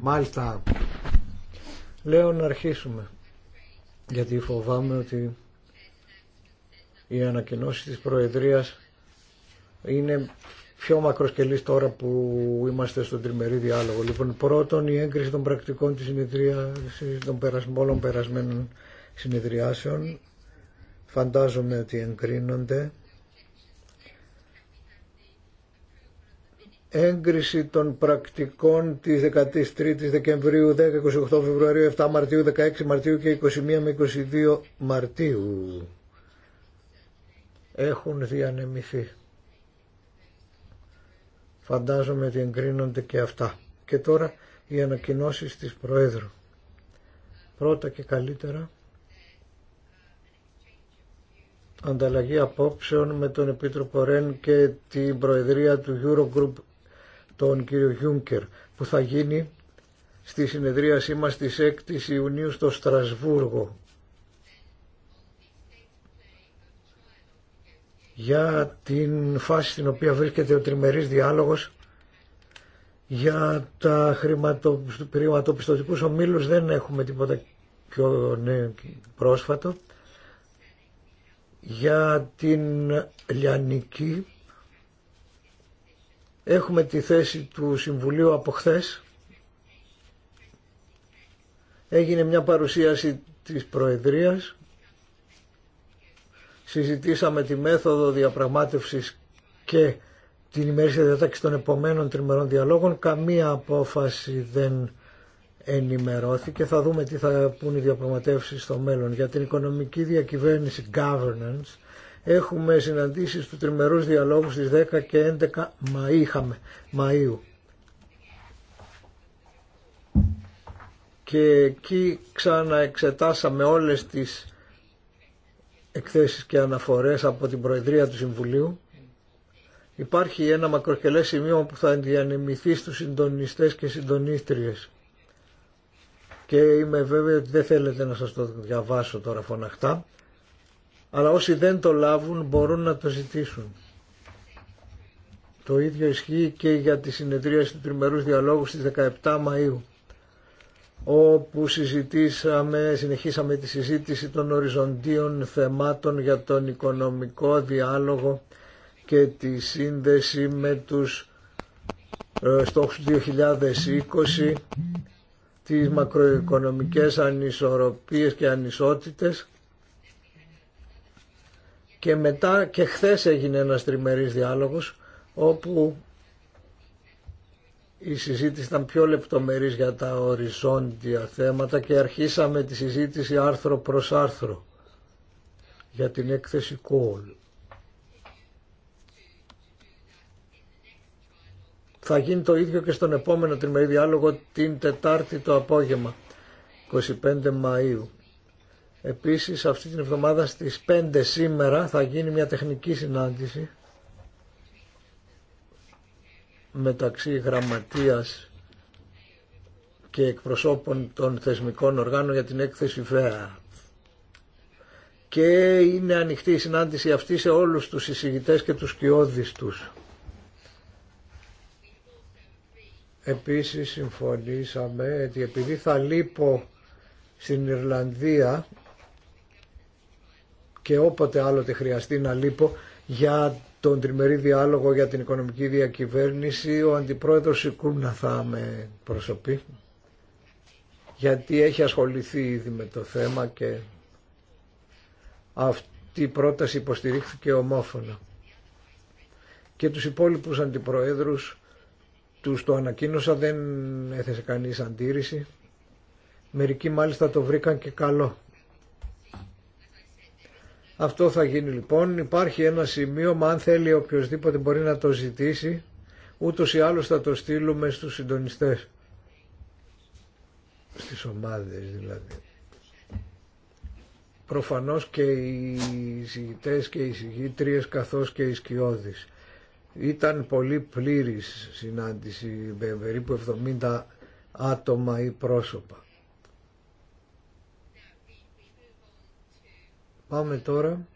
Μάλιστα. Λέω να αρχίσουμε. Γιατί φοβάμαι ότι η ανακοινώσει της Προεδρίας είναι πιο μακροσκελής τώρα που είμαστε στον τριμερή διάλογο. Λοιπόν, πρώτον η έγκριση των πρακτικών της συνεδρίασης των όλων περασμένων συνεδριάσεων. Φαντάζομαι ότι εγκρίνονται. έγκριση των πρακτικών της 13ης Δεκεμβρίου 10-28 Φεβρουαρίου 7 Μαρτίου 16 Μαρτίου και 21 με 22 Μαρτίου έχουν διανεμηθεί φαντάζομαι ότι εγκρίνονται και αυτά και τώρα οι ανακοινώσεις της Προέδρου πρώτα και καλύτερα ανταλλαγή απόψεων με τον Επίτροπο Ρεν και την Προεδρία του Eurogroup τον κύριο Γιούνκερ που θα γίνει στη συνεδρίασή μας της 6ης Ιουνίου στο Στρασβούργο για την φάση στην οποία βρίσκεται ο τριμερής διάλογος για τα χρηματοπιστωτικούς ομίλους δεν έχουμε τίποτα πιο πρόσφατο για την λιανική Έχουμε τη θέση του Συμβουλίου από χθε. Έγινε μια παρουσίαση της Προεδρίας. Συζητήσαμε τη μέθοδο διαπραγμάτευσης και την ημέρηση διατάξη των επομένων τριμερών διαλόγων. Καμία απόφαση δεν ενημερώθηκε. Θα δούμε τι θα πούν οι διαπραγματεύσεις στο μέλλον. Για την οικονομική διακυβέρνηση governance Έχουμε συναντήσεις του τριμερούς διαλόγου στις 10 και 11 Μαΐ, είχαμε, Μαΐου. Και εκεί ξαναεξετάσαμε όλες τις εκθέσεις και αναφορές από την Προεδρία του Συμβουλίου. Υπάρχει ένα μακροκελές σημείο που θα διανεμηθεί στους συντονιστές και συντονίστριες. Και είμαι βέβαιο ότι δεν θέλετε να σας το διαβάσω τώρα φωναχτά αλλά όσοι δεν το λάβουν μπορούν να το ζητήσουν. Το ίδιο ισχύει και για τη συνεδρίαση του τριμερούς διαλόγου στις 17 Μαΐου όπου συζητήσαμε, συνεχίσαμε τη συζήτηση των οριζοντίων θεμάτων για τον οικονομικό διάλογο και τη σύνδεση με τους ε, στόχους 2020, τις μακροοικονομικές ανισορροπίες και ανισότητες και μετά και χθες έγινε ένας τριμερής διάλογος όπου η συζήτηση ήταν πιο λεπτομερής για τα οριζόντια θέματα και αρχίσαμε τη συζήτηση άρθρο προς άρθρο για την έκθεση κόλ. Θα γίνει το ίδιο και στον επόμενο τριμερή διάλογο την Τετάρτη το απόγευμα, 25 Μαΐου. Επίσης αυτή την εβδομάδα στις 5 σήμερα θα γίνει μια τεχνική συνάντηση μεταξύ γραμματείας και εκπροσώπων των θεσμικών οργάνων για την έκθεση ΦΕΑ. Και είναι ανοιχτή η συνάντηση αυτή σε όλους τους εισηγητές και τους κοιόδης τους. Επίσης συμφωνήσαμε ότι επειδή θα λείπω στην Ιρλανδία και όποτε άλλοτε χρειαστεί να λείπω για τον τριμερή διάλογο για την οικονομική διακυβέρνηση ο αντιπρόεδρος Σικούμνα θα με προσωπεί γιατί έχει ασχοληθεί ήδη με το θέμα και αυτή η πρόταση υποστηρίχθηκε ομόφωνα. Και τους υπόλοιπους αντιπροέδρους τους το ανακοίνωσα, δεν έθεσε κανείς αντίρρηση. Μερικοί μάλιστα το βρήκαν και καλό. Αυτό θα γίνει λοιπόν. Υπάρχει ένα μα αν θέλει οποιοδήποτε μπορεί να το ζητήσει, ούτως ή άλλως θα το στείλουμε στους συντονιστές. Στις ομάδες δηλαδή. Προφανώς και οι συγητές και οι συγητρίες καθώς και οι σκιώδεις. Ήταν πολύ πλήρης συνάντηση με περίπου 70 άτομα ή πρόσωπα. Πάμε τώρα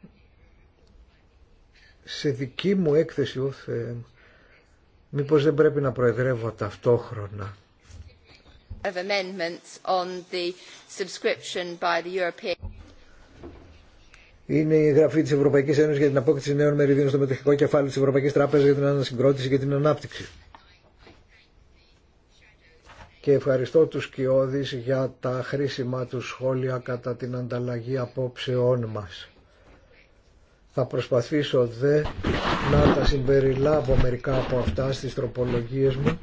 σε δική μου έκθεση ο Θεέ μου. Μήπως δεν πρέπει να προεδρεύω ταυτόχρονα. Είναι η γραφή τη Ευρωπαϊκή Ένωση για την απόκτηση νέων μεριδίων στο μετοχικό κεφάλαιο τη Ευρωπαϊκή Τράπεζα για την ανασυγκρότηση και την ανάπτυξη και ευχαριστώ τους Κιώδης για τα χρήσιμα του σχόλια κατά την ανταλλαγή απόψεών μας. Θα προσπαθήσω δε να τα συμπεριλάβω μερικά από αυτά στις τροπολογίες μου.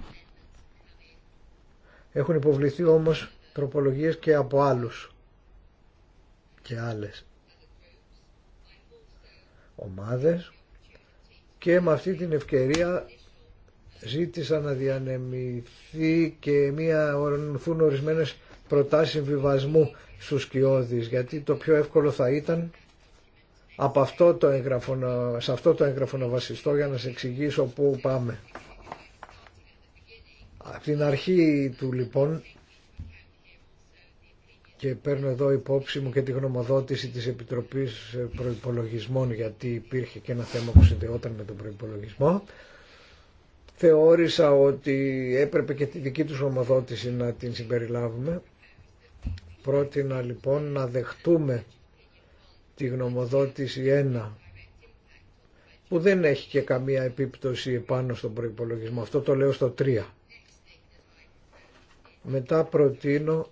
Έχουν υποβληθεί όμως τροπολογίες και από άλλους και άλλες ομάδες και με αυτή την ευκαιρία ζήτησα να διανεμηθεί και μία ορνηθούν ορισμένες προτάσεις συμβιβασμού στους κοιόδης γιατί το πιο εύκολο θα ήταν από το έγγραφο σε αυτό το έγγραφο να βασιστώ για να σε εξηγήσω πού πάμε. Από την αρχή του λοιπόν και παίρνω εδώ υπόψη μου και τη γνωμοδότηση της Επιτροπής Προϋπολογισμών γιατί υπήρχε και ένα θέμα που συνδεόταν με τον προϋπολογισμό θεώρησα ότι έπρεπε και τη δική τους ομοδότηση να την συμπεριλάβουμε. Πρότεινα λοιπόν να δεχτούμε τη γνωμοδότηση 1 που δεν έχει και καμία επίπτωση επάνω στον προϋπολογισμό. Αυτό το λέω στο 3. Μετά προτείνω,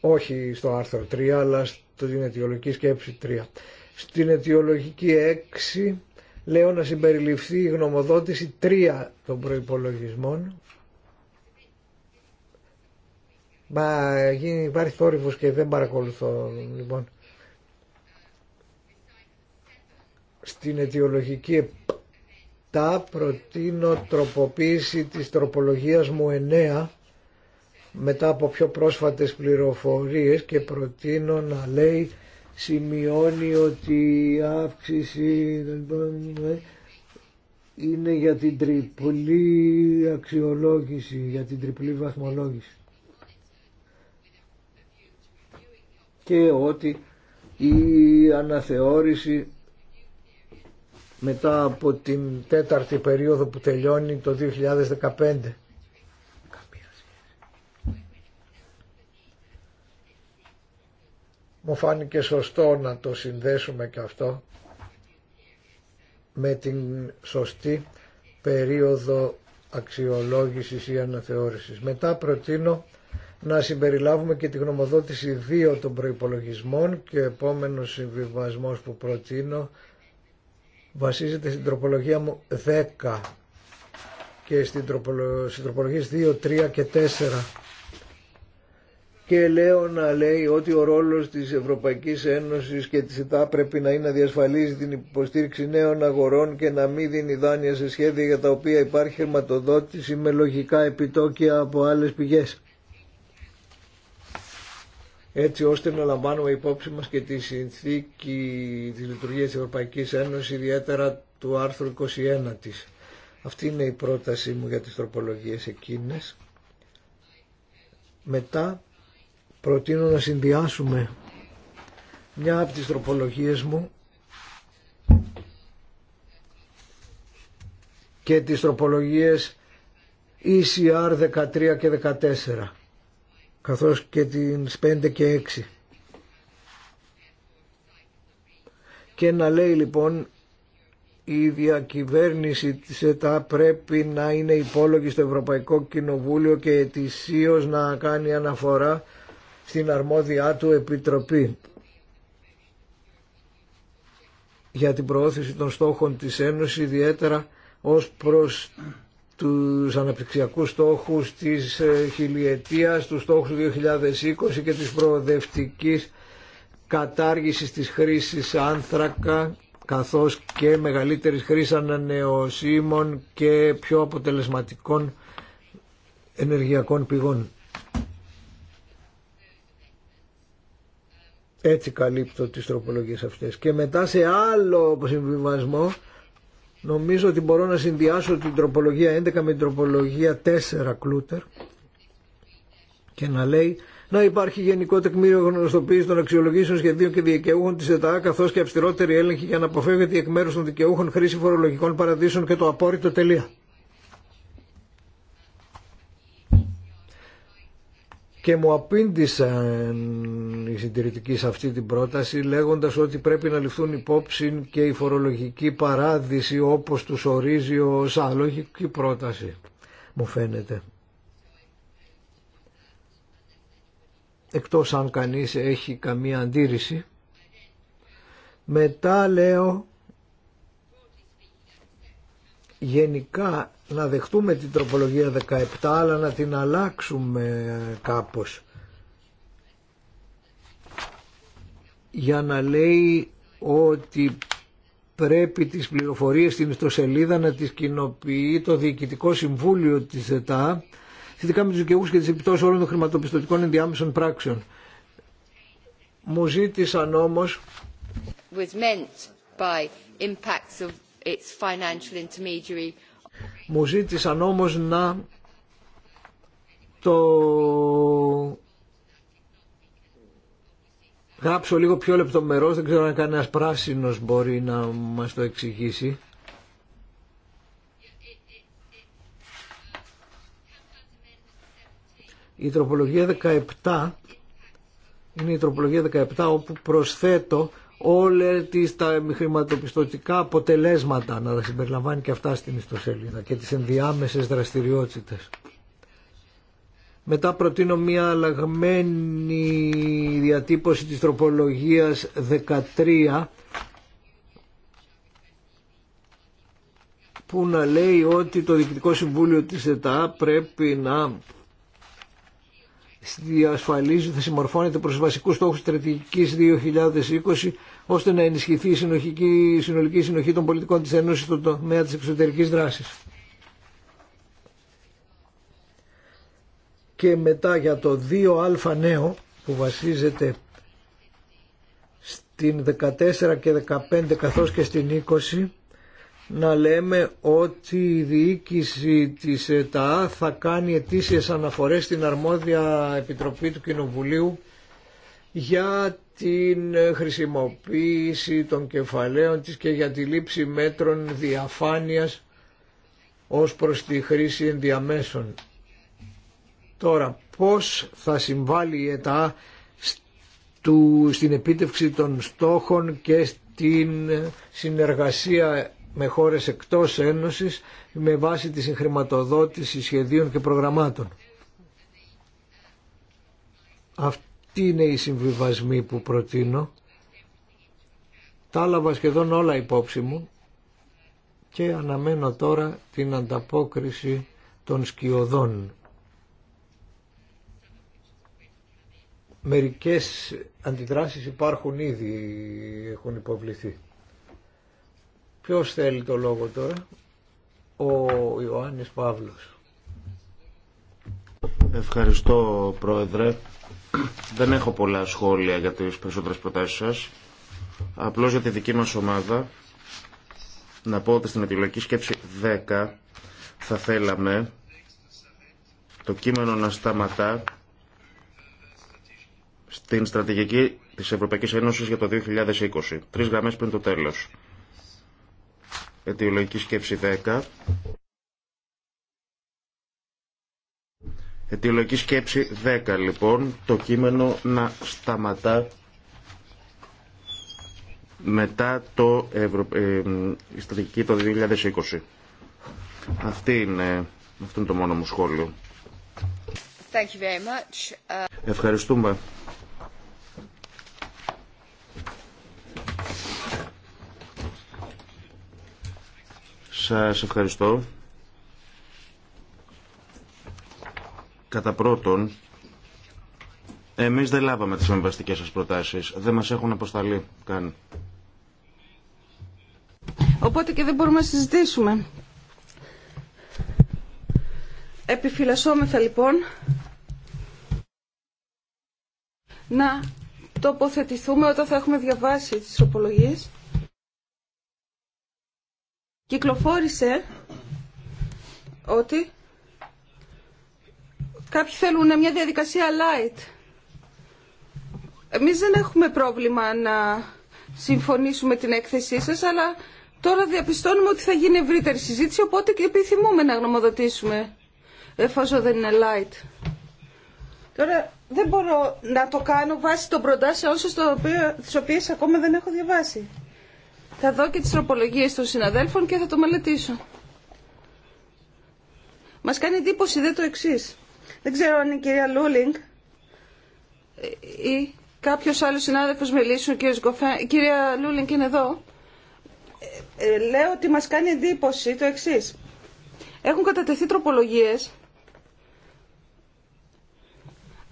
όχι στο άρθρο 3, αλλά στην αιτιολογική σκέψη 3. Στην αιτιολογική 6 λέω να συμπεριληφθεί η γνωμοδότηση τρία των προϋπολογισμών. Μα γίνει, υπάρχει θόρυβος και δεν παρακολουθώ λοιπόν. Στην αιτιολογική τα προτείνω τροποποίηση της τροπολογίας μου 9 μετά από πιο πρόσφατες πληροφορίες και προτείνω να λέει σημειώνει ότι η αύξηση είναι για την τριπλή αξιολόγηση, για την τριπλή βαθμολόγηση. Και ότι η αναθεώρηση μετά από την τέταρτη περίοδο που τελειώνει το 2015 μου φάνηκε σωστό να το συνδέσουμε και αυτό με την σωστή περίοδο αξιολόγησης ή αναθεώρησης. Μετά προτείνω να συμπεριλάβουμε και τη γνωμοδότηση 2 των προϋπολογισμών και ο επόμενος συμβιβασμός που προτείνω βασίζεται στην τροπολογία μου 10 και στην τροπολογία 2, 3 και 4 και λέω να λέει ότι ο ρόλος της Ευρωπαϊκής Ένωσης και της ΕΤΑ πρέπει να είναι να διασφαλίζει την υποστήριξη νέων αγορών και να μην δίνει δάνεια σε σχέδια για τα οποία υπάρχει χρηματοδότηση με λογικά επιτόκια από άλλες πηγές. Έτσι ώστε να λαμβάνουμε υπόψη μας και τη συνθήκη της λειτουργίας της Ευρωπαϊκής Ένωσης, ιδιαίτερα του άρθρου 21 της. Αυτή είναι η πρότασή μου για τις τροπολογίες εκείνες. Μετά προτείνω να συνδυάσουμε μια από τις τροπολογίες μου και τις τροπολογίες ECR 13 και 14 καθώς και τις 5 και 6 και να λέει λοιπόν η διακυβέρνηση της ΕΤΑ πρέπει να είναι υπόλογη στο Ευρωπαϊκό Κοινοβούλιο και ετησίως να κάνει αναφορά στην αρμόδιά του Επιτροπή για την προώθηση των στόχων της Ένωσης ιδιαίτερα ως προς τους αναπτυξιακούς στόχους της ε, χιλιετίας, τους στόχους του 2020 και της προοδευτικής κατάργησης της χρήσης άνθρακα καθώς και μεγαλύτερης χρήσης ανανεωσίμων και πιο αποτελεσματικών ενεργειακών πηγών. Έτσι καλύπτω τις τροπολογίες αυτές. Και μετά σε άλλο συμβιβασμό νομίζω ότι μπορώ να συνδυάσω την τροπολογία 11 με την τροπολογία 4 κλούτερ και να λέει να υπάρχει γενικό τεκμήριο γνωστοποίηση των αξιολογήσεων σχεδίων και δικαιούχων τη ΕΤΑ, καθώ και αυστηρότερη έλεγχη για να αποφεύγεται εκ μέρου των δικαιούχων χρήση φορολογικών παραδείσων και το απόρριτο τελεία. Και μου απήντησαν οι σε αυτή την πρόταση λέγοντας ότι πρέπει να ληφθούν υπόψη και η φορολογική παράδειση όπως τους ορίζει ο σαλογική πρόταση μου φαίνεται. Εκτός αν κανείς έχει καμία αντίρρηση. Μετά λέω γενικά να δεχτούμε την τροπολογία 17 αλλά να την αλλάξουμε κάπως για να λέει ότι πρέπει τις πληροφορίες στην ιστοσελίδα να τις κοινοποιεί το Διοικητικό Συμβούλιο της ΕΤΑ σχετικά με τους δικαιούς και τις επιπτώσεις όλων των χρηματοπιστωτικών ενδιάμεσων πράξεων. Μου ζήτησαν όμως μου ζήτησαν όμως να το γράψω λίγο πιο λεπτομερώς, δεν ξέρω αν κανένας πράσινος μπορεί να μας το εξηγήσει. Η τροπολογία 17 είναι η τροπολογία 17 όπου προσθέτω όλα τις τα χρηματοπιστωτικά αποτελέσματα να τα συμπεριλαμβάνει και αυτά στην ιστοσελίδα και τις ενδιάμεσες δραστηριότητες. Μετά προτείνω μια αλλαγμένη διατύπωση της τροπολογίας 13 που να λέει ότι το Διοικητικό Συμβούλιο της ΕΤΑ πρέπει να διασφαλίζει, θα συμμορφώνεται προς βασικούς στόχους στρατηγικής 2020 ώστε να ενισχυθεί η συνολική συνοχή των πολιτικών της Ένωσης στον τομέα της εξωτερικής δράσης. και μετά για το 2α νέο που βασίζεται στην 14 και 15 καθώς και στην 20 να λέμε ότι η διοίκηση της ΕΤΑ θα κάνει ετήσιες αναφορές στην αρμόδια Επιτροπή του Κοινοβουλίου για την χρησιμοποίηση των κεφαλαίων της και για τη λήψη μέτρων διαφάνειας ως προς τη χρήση ενδιαμέσων. Τώρα, πώς θα συμβάλλει η ΕΤΑ στην επίτευξη των στόχων και στην συνεργασία με χώρες εκτός Ένωσης με βάση τη συγχρηματοδότηση σχεδίων και προγραμμάτων. Αυτή είναι η συμβιβασμή που προτείνω. Τα σχεδόν όλα υπόψη μου και αναμένω τώρα την ανταπόκριση των σκιωδών. Μερικές αντιδράσεις υπάρχουν ήδη, έχουν υποβληθεί. Ποιος θέλει το λόγο τώρα, ο Ιωάννης Παύλος. Ευχαριστώ Πρόεδρε. Δεν έχω πολλά σχόλια για τις περισσότερες προτάσεις σας. Απλώς για τη δική μας ομάδα, να πω ότι στην επιλογική σκέψη 10 θα θέλαμε το κείμενο να σταματά στην στρατηγική της Ευρωπαϊκής Ένωσης για το 2020. Τρεις γραμμές πριν το τέλο. Αιτιολογική σκέψη 10. Αιτιολογική σκέψη 10 λοιπόν, το κείμενο να σταματά μετά το Ευρω... Ε, η στρατηγική το 2020. Αυτή είναι, αυτό είναι το μόνο μου σχόλιο. Thank you very much. Ευχαριστούμε. Σας ευχαριστώ. Κατά πρώτον, εμείς δεν λάβαμε τις εμβαστικές σας προτάσεις. Δεν μας έχουν αποσταλεί καν. Οπότε και δεν μπορούμε να συζητήσουμε. Επιφυλασσόμεθα λοιπόν να τοποθετηθούμε όταν θα έχουμε διαβάσει τις οπολογίες κυκλοφόρησε ότι κάποιοι θέλουν μια διαδικασία light. Εμείς δεν έχουμε πρόβλημα να συμφωνήσουμε την έκθεσή σας, αλλά τώρα διαπιστώνουμε ότι θα γίνει ευρύτερη συζήτηση, οπότε και επιθυμούμε να γνωμοδοτήσουμε, εφόσον δεν είναι light. Τώρα δεν μπορώ να το κάνω βάσει των προτάσεων σας, τις οποίες ακόμα δεν έχω διαβάσει. Θα δω και τις τροπολογίες των συναδέλφων και θα το μελετήσω. Μας κάνει εντύπωση δεν το εξή. Δεν ξέρω αν η κυρία Λούλινγκ ή κάποιος άλλος συνάδελφος μιλήσουν, κύριος Γκοφέ... η κυρία Λούλινγκ είναι εδώ. Ε, ε λέω ότι μας κάνει εντύπωση το εξή. Έχουν κατατεθεί τροπολογίες,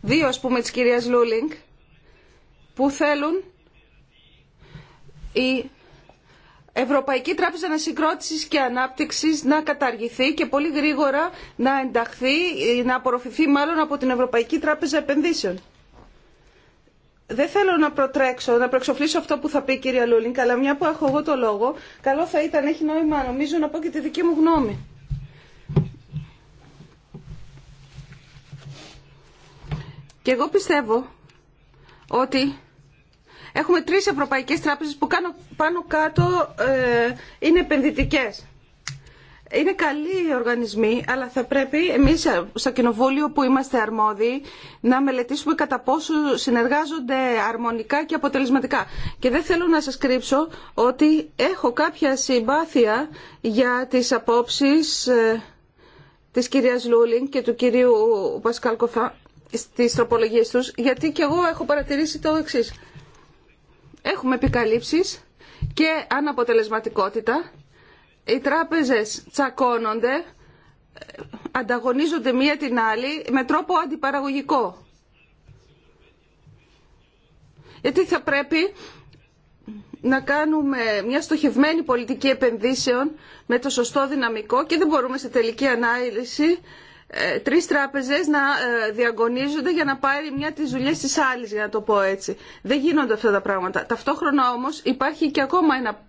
κυριε η κυρια λουλινγκ ειναι εδω λεω οτι μας κανει εντυπωση το εξη εχουν κατατεθει τροπολογιες δυο ας πουμε της κυριας λουλινγκ που θελουν η Ευρωπαϊκή Τράπεζα Ανασυγκρότησης και Ανάπτυξης να καταργηθεί και πολύ γρήγορα να ενταχθεί, να απορροφηθεί μάλλον από την Ευρωπαϊκή Τράπεζα Επενδύσεων. Δεν θέλω να προτρέξω, να προεξοφλήσω αυτό που θα πει η κυρία Λούλινγκ, αλλά μια που έχω εγώ το λόγο, καλό θα ήταν, έχει νόημα νομίζω, να πω και τη δική μου γνώμη. Και εγώ πιστεύω ότι Έχουμε τρεις ευρωπαϊκές τράπεζες που πάνω κάτω ε, είναι επενδυτικές. Είναι καλοί οι οργανισμοί, αλλά θα πρέπει εμείς ε, στο Κοινοβούλιο που είμαστε αρμόδιοι να μελετήσουμε κατά πόσο συνεργάζονται αρμονικά και αποτελεσματικά. Και δεν θέλω να σας κρύψω ότι έχω κάποια συμπάθεια για τις απόψεις ε, της κυρίας Λούλιν και του κυρίου Πασκάλ Κοφά στις τροπολογίες τους, γιατί και εγώ έχω παρατηρήσει το εξή έχουμε επικαλύψεις και αναποτελεσματικότητα. Οι τράπεζες τσακώνονται, ανταγωνίζονται μία την άλλη με τρόπο αντιπαραγωγικό. Γιατί θα πρέπει να κάνουμε μια στοχευμένη πολιτική επενδύσεων με το σωστό δυναμικό και δεν μπορούμε σε τελική ανάλυση ε, τρεις τράπεζες να ε, διαγωνίζονται για να πάρει μια τις δουλειές της άλλης, για να το πω έτσι. Δεν γίνονται αυτά τα πράγματα. Ταυτόχρονα όμως υπάρχει και ακόμα ένα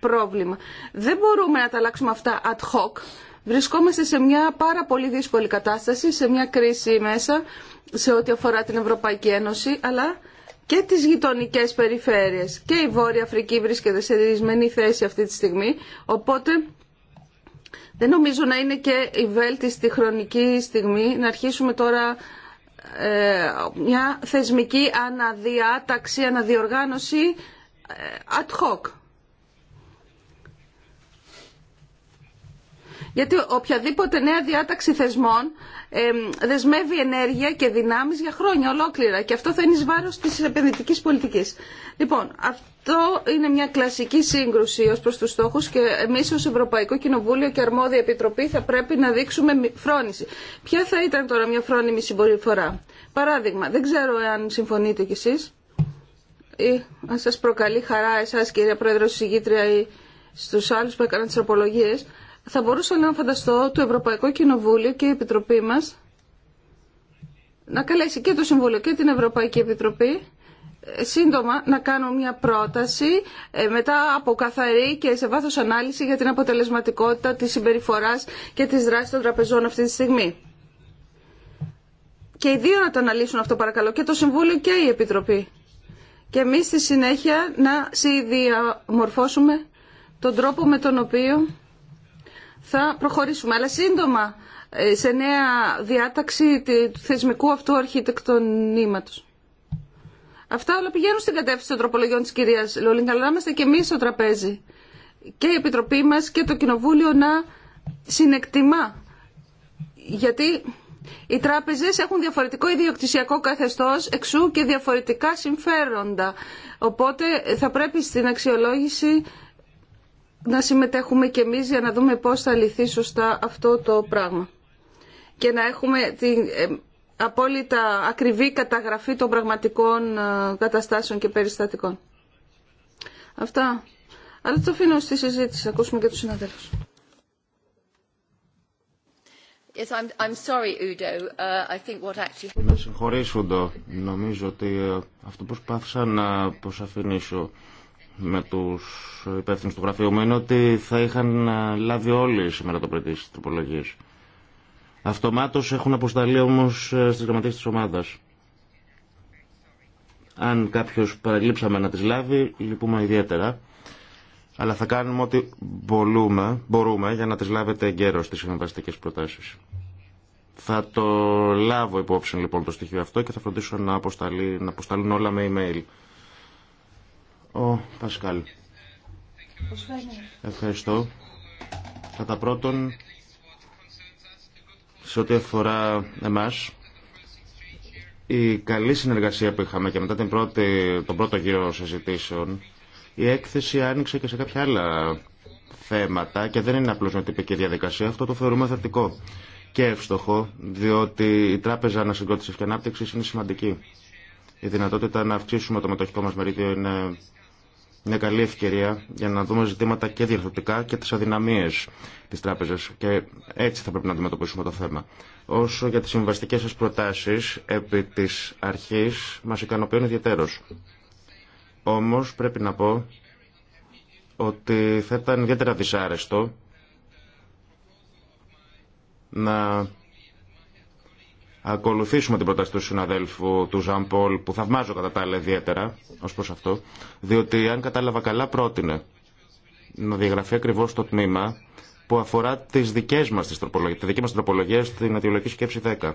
πρόβλημα. Δεν μπορούμε να τα αλλάξουμε αυτά ad hoc. Βρισκόμαστε σε μια πάρα πολύ δύσκολη κατάσταση, σε μια κρίση μέσα σε ό,τι αφορά την Ευρωπαϊκή Ένωση, αλλά και τις γειτονικές περιφέρειες. Και η Βόρεια Αφρική βρίσκεται σε δυσμενή θέση αυτή τη στιγμή, οπότε δεν νομίζω να είναι και η βέλτιστη χρονική στιγμή να αρχίσουμε τώρα ε, μια θεσμική αναδιάταξη, αναδιοργάνωση ε, ad hoc. Γιατί οποιαδήποτε νέα διάταξη θεσμών δεσμεύει ενέργεια και δυνάμεις για χρόνια ολόκληρα και αυτό θα είναι εις βάρος της επενδυτικής πολιτικής. Λοιπόν, αυτό είναι μια κλασική σύγκρουση ως προς τους στόχους και εμείς ως Ευρωπαϊκό Κοινοβούλιο και Αρμόδια Επιτροπή θα πρέπει να δείξουμε φρόνηση. Ποια θα ήταν τώρα μια φρόνιμη συμπεριφορά. Παράδειγμα, δεν ξέρω αν συμφωνείτε κι εσείς ή αν σας προκαλεί χαρά εσάς κυρία Πρόεδρος Συγήτρια ή στους άλλους που έκαναν τις θα μπορούσα να φανταστώ το Ευρωπαϊκό Κοινοβούλιο και η Επιτροπή μας να καλέσει και το Συμβούλιο και την Ευρωπαϊκή Επιτροπή ε, σύντομα να κάνω μια πρόταση ε, μετά από καθαρή και σε βάθος ανάλυση για την αποτελεσματικότητα της συμπεριφοράς και της δράσης των τραπεζών αυτή τη στιγμή. Και οι δύο να το αναλύσουν αυτό παρακαλώ, και το Συμβούλιο και η Επιτροπή. Και εμείς στη συνέχεια να συνδιαμορφώσουμε τον τρόπο με τον οποίο θα προχωρήσουμε. Αλλά σύντομα ε, σε νέα διάταξη του θεσμικού αυτού αρχιτεκτονήματος. Αυτά όλα πηγαίνουν στην κατεύθυνση των τροπολογιών της κυρίας Λόλινγκ, αλλά είμαστε και εμείς στο τραπέζι. Και η Επιτροπή μας και το Κοινοβούλιο να συνεκτιμά. Γιατί οι τράπεζες έχουν διαφορετικό ιδιοκτησιακό καθεστώς, εξού και διαφορετικά συμφέροντα. Οπότε θα πρέπει στην αξιολόγηση να συμμετέχουμε και εμείς για να δούμε πώς θα λυθεί σωστά αυτό το πράγμα. Και να έχουμε την ε, απόλυτα ακριβή καταγραφή των πραγματικών ε, καταστάσεων και περιστατικών. Αυτά. Αλλά το αφήνω στη συζήτηση. Ακούσουμε και τους συναδέλφους. Yes, I'm, I'm sorry, Udo. Uh, I think what actually... Με Νομίζω ότι ε, αυτό προσπάθησα να προσαφηνήσω με τους υπεύθυνους του γραφείου μου είναι ότι θα είχαν ε, λάβει όλοι σήμερα το πρωί τις τροπολογίες. Αυτομάτως έχουν αποσταλεί όμως ε, στις γραμματείες της ομάδας. Αν κάποιος παραλείψαμε να τις λάβει, λυπούμε ιδιαίτερα. Αλλά θα κάνουμε ό,τι μπορούμε, μπορούμε για να τις λάβετε εγκαίρως τις συμβαστικές προτάσεις. Θα το λάβω υπόψη λοιπόν το στοιχείο αυτό και θα φροντίσω να αποσταλούν όλα με email. Ο Πασκάλ. Ευχαριστώ. Κατά πρώτον, σε ό,τι αφορά εμάς, η καλή συνεργασία που είχαμε και μετά την πρώτη, τον πρώτο γύρο συζητήσεων, η έκθεση άνοιξε και σε κάποια άλλα θέματα και δεν είναι απλώς μια τυπική διαδικασία. Αυτό το θεωρούμε θετικό και εύστοχο, διότι η Τράπεζα Ανασυγκρότησης και Ανάπτυξης είναι σημαντική. Η δυνατότητα να αυξήσουμε το μετοχικό μας μερίδιο είναι μια καλή ευκαιρία για να δούμε ζητήματα και διαρθρωτικά και τι αδυναμίες της τράπεζας και έτσι θα πρέπει να αντιμετωπίσουμε το θέμα. Όσο για τις συμβαστικέ σα προτάσει επί τη αρχής μας ικανοποιούν ιδιαίτερω. Όμως πρέπει να πω ότι θα ήταν ιδιαίτερα δυσάρεστο να ακολουθήσουμε την πρόταση του συναδέλφου του Ζαν Πολ, που θαυμάζω κατά τα άλλα ιδιαίτερα ω προ αυτό, διότι αν κατάλαβα καλά πρότεινε να διαγραφεί ακριβώ το τμήμα που αφορά τις δικέ μας τις τη δική μα τροπολογία στην αιτιολογική σκέψη 10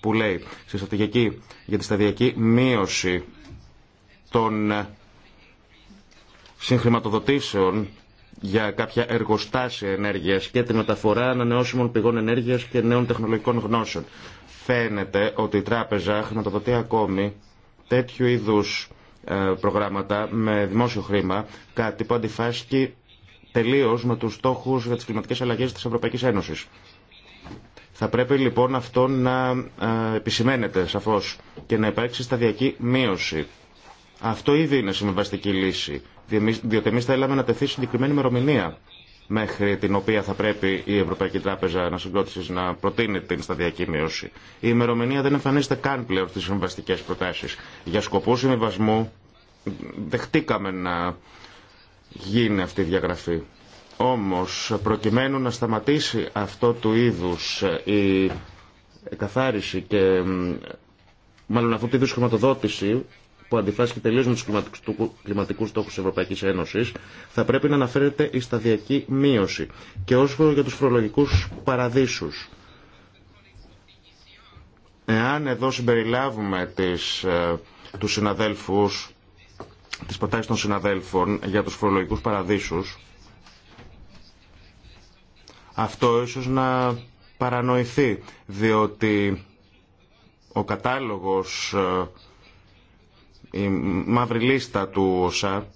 που λέει στη στρατηγική για τη σταδιακή μείωση των συγχρηματοδοτήσεων για κάποια εργοστάσια ενέργειας και τη μεταφορά ανανεώσιμων πηγών ενέργειας και νέων τεχνολογικών γνώσεων φαίνεται ότι η τράπεζα χρηματοδοτεί ακόμη τέτοιου είδους ε, προγράμματα με δημόσιο χρήμα, κάτι που αντιφάσκει τελείως με τους στόχους για τις κλιματικές αλλαγές της Ευρωπαϊκής Ένωσης. Θα πρέπει λοιπόν αυτό να ε, επισημαίνεται σαφώς και να υπάρξει σταδιακή μείωση. Αυτό ήδη είναι συμβαστική λύση, διότι εμεί θέλαμε να τεθεί συγκεκριμένη ημερομηνία μέχρι την οποία θα πρέπει η Ευρωπαϊκή Τράπεζα Ανασυγκρότηση να προτείνει την σταδιακή μείωση. Η ημερομηνία δεν εμφανίζεται καν πλέον στις συμβαστικές προτάσεις. Για σκοπού συμβασμού δεχτήκαμε να γίνει αυτή η διαγραφή. Όμως, προκειμένου να σταματήσει αυτό του είδους ε, η καθάριση και μάλλον αυτού του είδους χρηματοδότηση που αντιφάσκει τελείω με του κλιματικού στόχου τη Ευρωπαϊκή Ένωση, θα πρέπει να αναφέρεται η σταδιακή μείωση. Και όσο για του φορολογικού παραδείσου. Εάν εδώ συμπεριλάβουμε τις, ε, τους συναδέλφους, τις προτάσεις των συναδέλφων για τους φορολογικούς παραδείσους, αυτό ίσως να παρανοηθεί, διότι ο κατάλογος ε, η μαύρη λίστα του ΟΣΑ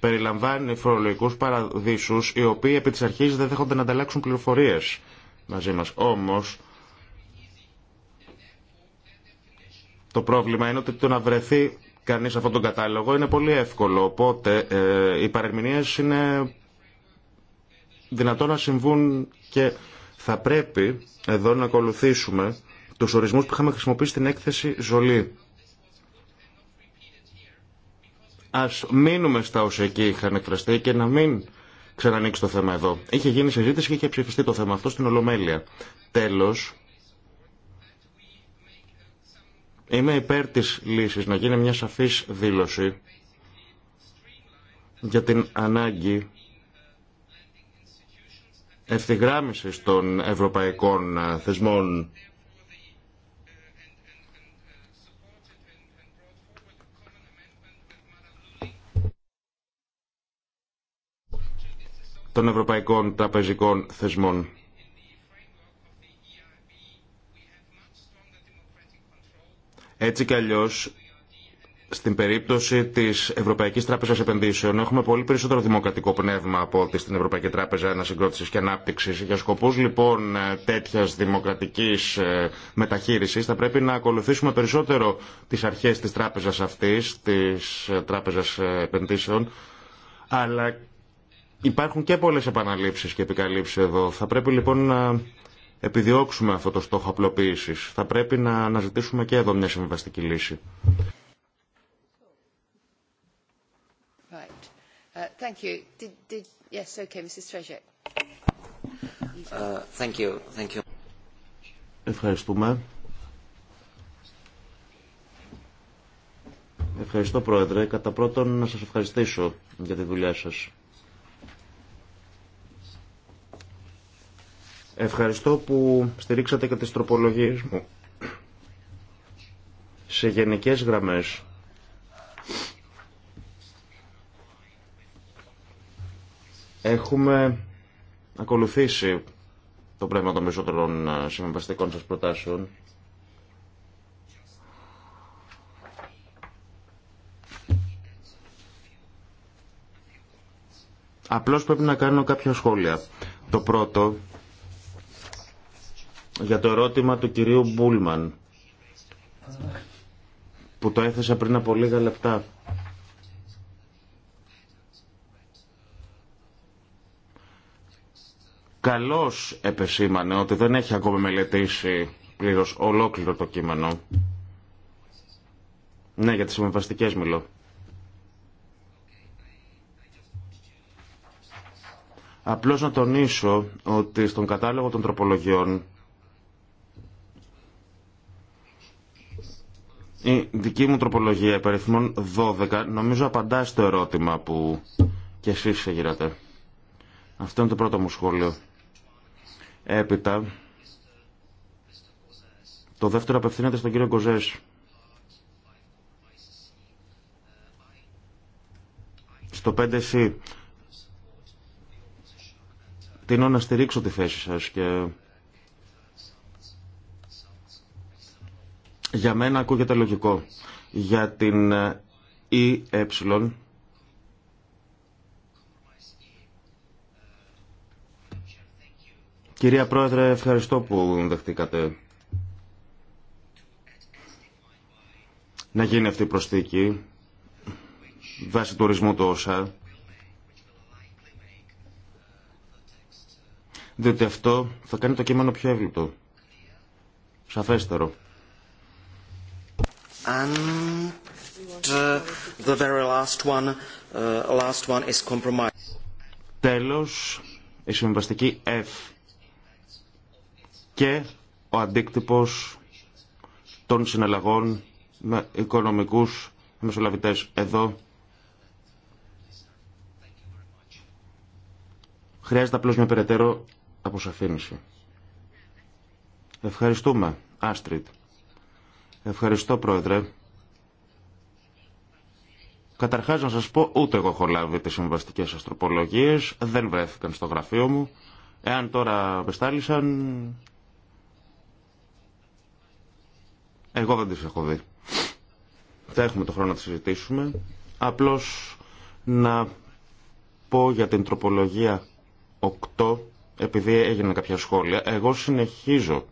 περιλαμβάνει φορολογικούς παραδείσους οι οποίοι επί της αρχής δεν δέχονται να ανταλλάξουν πληροφορίες μαζί μας. Όμως, το πρόβλημα είναι ότι το να βρεθεί κανείς σε αυτόν τον κατάλογο είναι πολύ εύκολο. Οπότε, ε, οι παρεμηνίε είναι δυνατόν να συμβούν και θα πρέπει εδώ να ακολουθήσουμε τους ορισμούς που είχαμε χρησιμοποιήσει στην έκθεση «Ζολή» ας μείνουμε στα όσα εκεί είχαν εκφραστεί και να μην ξανανοίξει το θέμα εδώ. Είχε γίνει συζήτηση και είχε ψηφιστεί το θέμα αυτό στην Ολομέλεια. Τέλος, είμαι υπέρ τη λύση να γίνει μια σαφής δήλωση για την ανάγκη ευθυγράμμισης των ευρωπαϊκών θεσμών των Ευρωπαϊκών Τραπεζικών Θεσμών. Έτσι κι αλλιώς, στην περίπτωση της Ευρωπαϊκής Τράπεζας Επενδύσεων έχουμε πολύ περισσότερο δημοκρατικό πνεύμα από ότι στην Ευρωπαϊκή Τράπεζα Ανασυγκρότησης και Ανάπτυξης. Για σκοπούς λοιπόν τέτοιας δημοκρατικής ε, μεταχείρισης θα πρέπει να ακολουθήσουμε περισσότερο τις αρχές της τράπεζας αυτής, της ε, Τράπεζας ε, Επενδύσεων, αλλά Υπάρχουν και πολλές επαναλήψεις και επικαλύψεις εδώ. Θα πρέπει λοιπόν να επιδιώξουμε αυτό το στόχο απλοποίησης. Θα πρέπει να αναζητήσουμε και εδώ μια συμβαστική λύση. Uh, thank you. Yes, okay, Mrs. Uh, thank you. Thank you. Ευχαριστούμε. Ευχαριστώ Πρόεδρε. Κατά πρώτον να σας ευχαριστήσω για τη δουλειά σας. Ευχαριστώ που στηρίξατε και τις τροπολογίες μου. Σε γενικές γραμμές έχουμε ακολουθήσει το πνεύμα των περισσότερων ε, συμβαστικών σας προτάσεων. Απλώς πρέπει να κάνω κάποια σχόλια. Το πρώτο για το ερώτημα του κυρίου Μπούλμαν που το έθεσα πριν από λίγα λεπτά. Καλώς επεσήμανε ότι δεν έχει ακόμα μελετήσει πλήρως ολόκληρο το κείμενο. Ναι, για τις συμβαστικές μιλώ. Απλώς να τονίσω ότι στον κατάλογο των τροπολογιών Η δική μου τροπολογία υπεριθμών 12 νομίζω απαντά στο ερώτημα που κι εσείς σε Αυτό είναι το πρώτο μου σχόλιο. Έπειτα, το δεύτερο απευθύνεται στον κύριο Κοζές. Στο 5C. Τίνω να στηρίξω τη θέση σας και Για μένα ακούγεται λογικό. Για την ΙΕ ε, Κυρία Πρόεδρε, ευχαριστώ που δεχτήκατε να γίνει αυτή η προσθήκη βάσει ορισμού του ΩΣΑ διότι αυτό θα κάνει το κείμενο πιο εύληπτο, σαφέστερο. And Τέλος, η συμβαστική F και ο αντίκτυπος των συναλλαγών με οικονομικούς μεσολαβητές εδώ. Χρειάζεται απλώς μια περαιτέρω αποσαφήνιση. Ευχαριστούμε, Άστριτ. Ευχαριστώ, Πρόεδρε. Καταρχάς να σα πω, ούτε εγώ έχω λάβει τις συμβαστικές σας δεν βρέθηκαν στο γραφείο μου. Εάν τώρα απεστάλησαν, εγώ δεν τις έχω δει. Θα έχουμε το χρόνο να τις συζητήσουμε. Απλώς να πω για την τροπολογία 8, επειδή έγιναν κάποια σχόλια. Εγώ συνεχίζω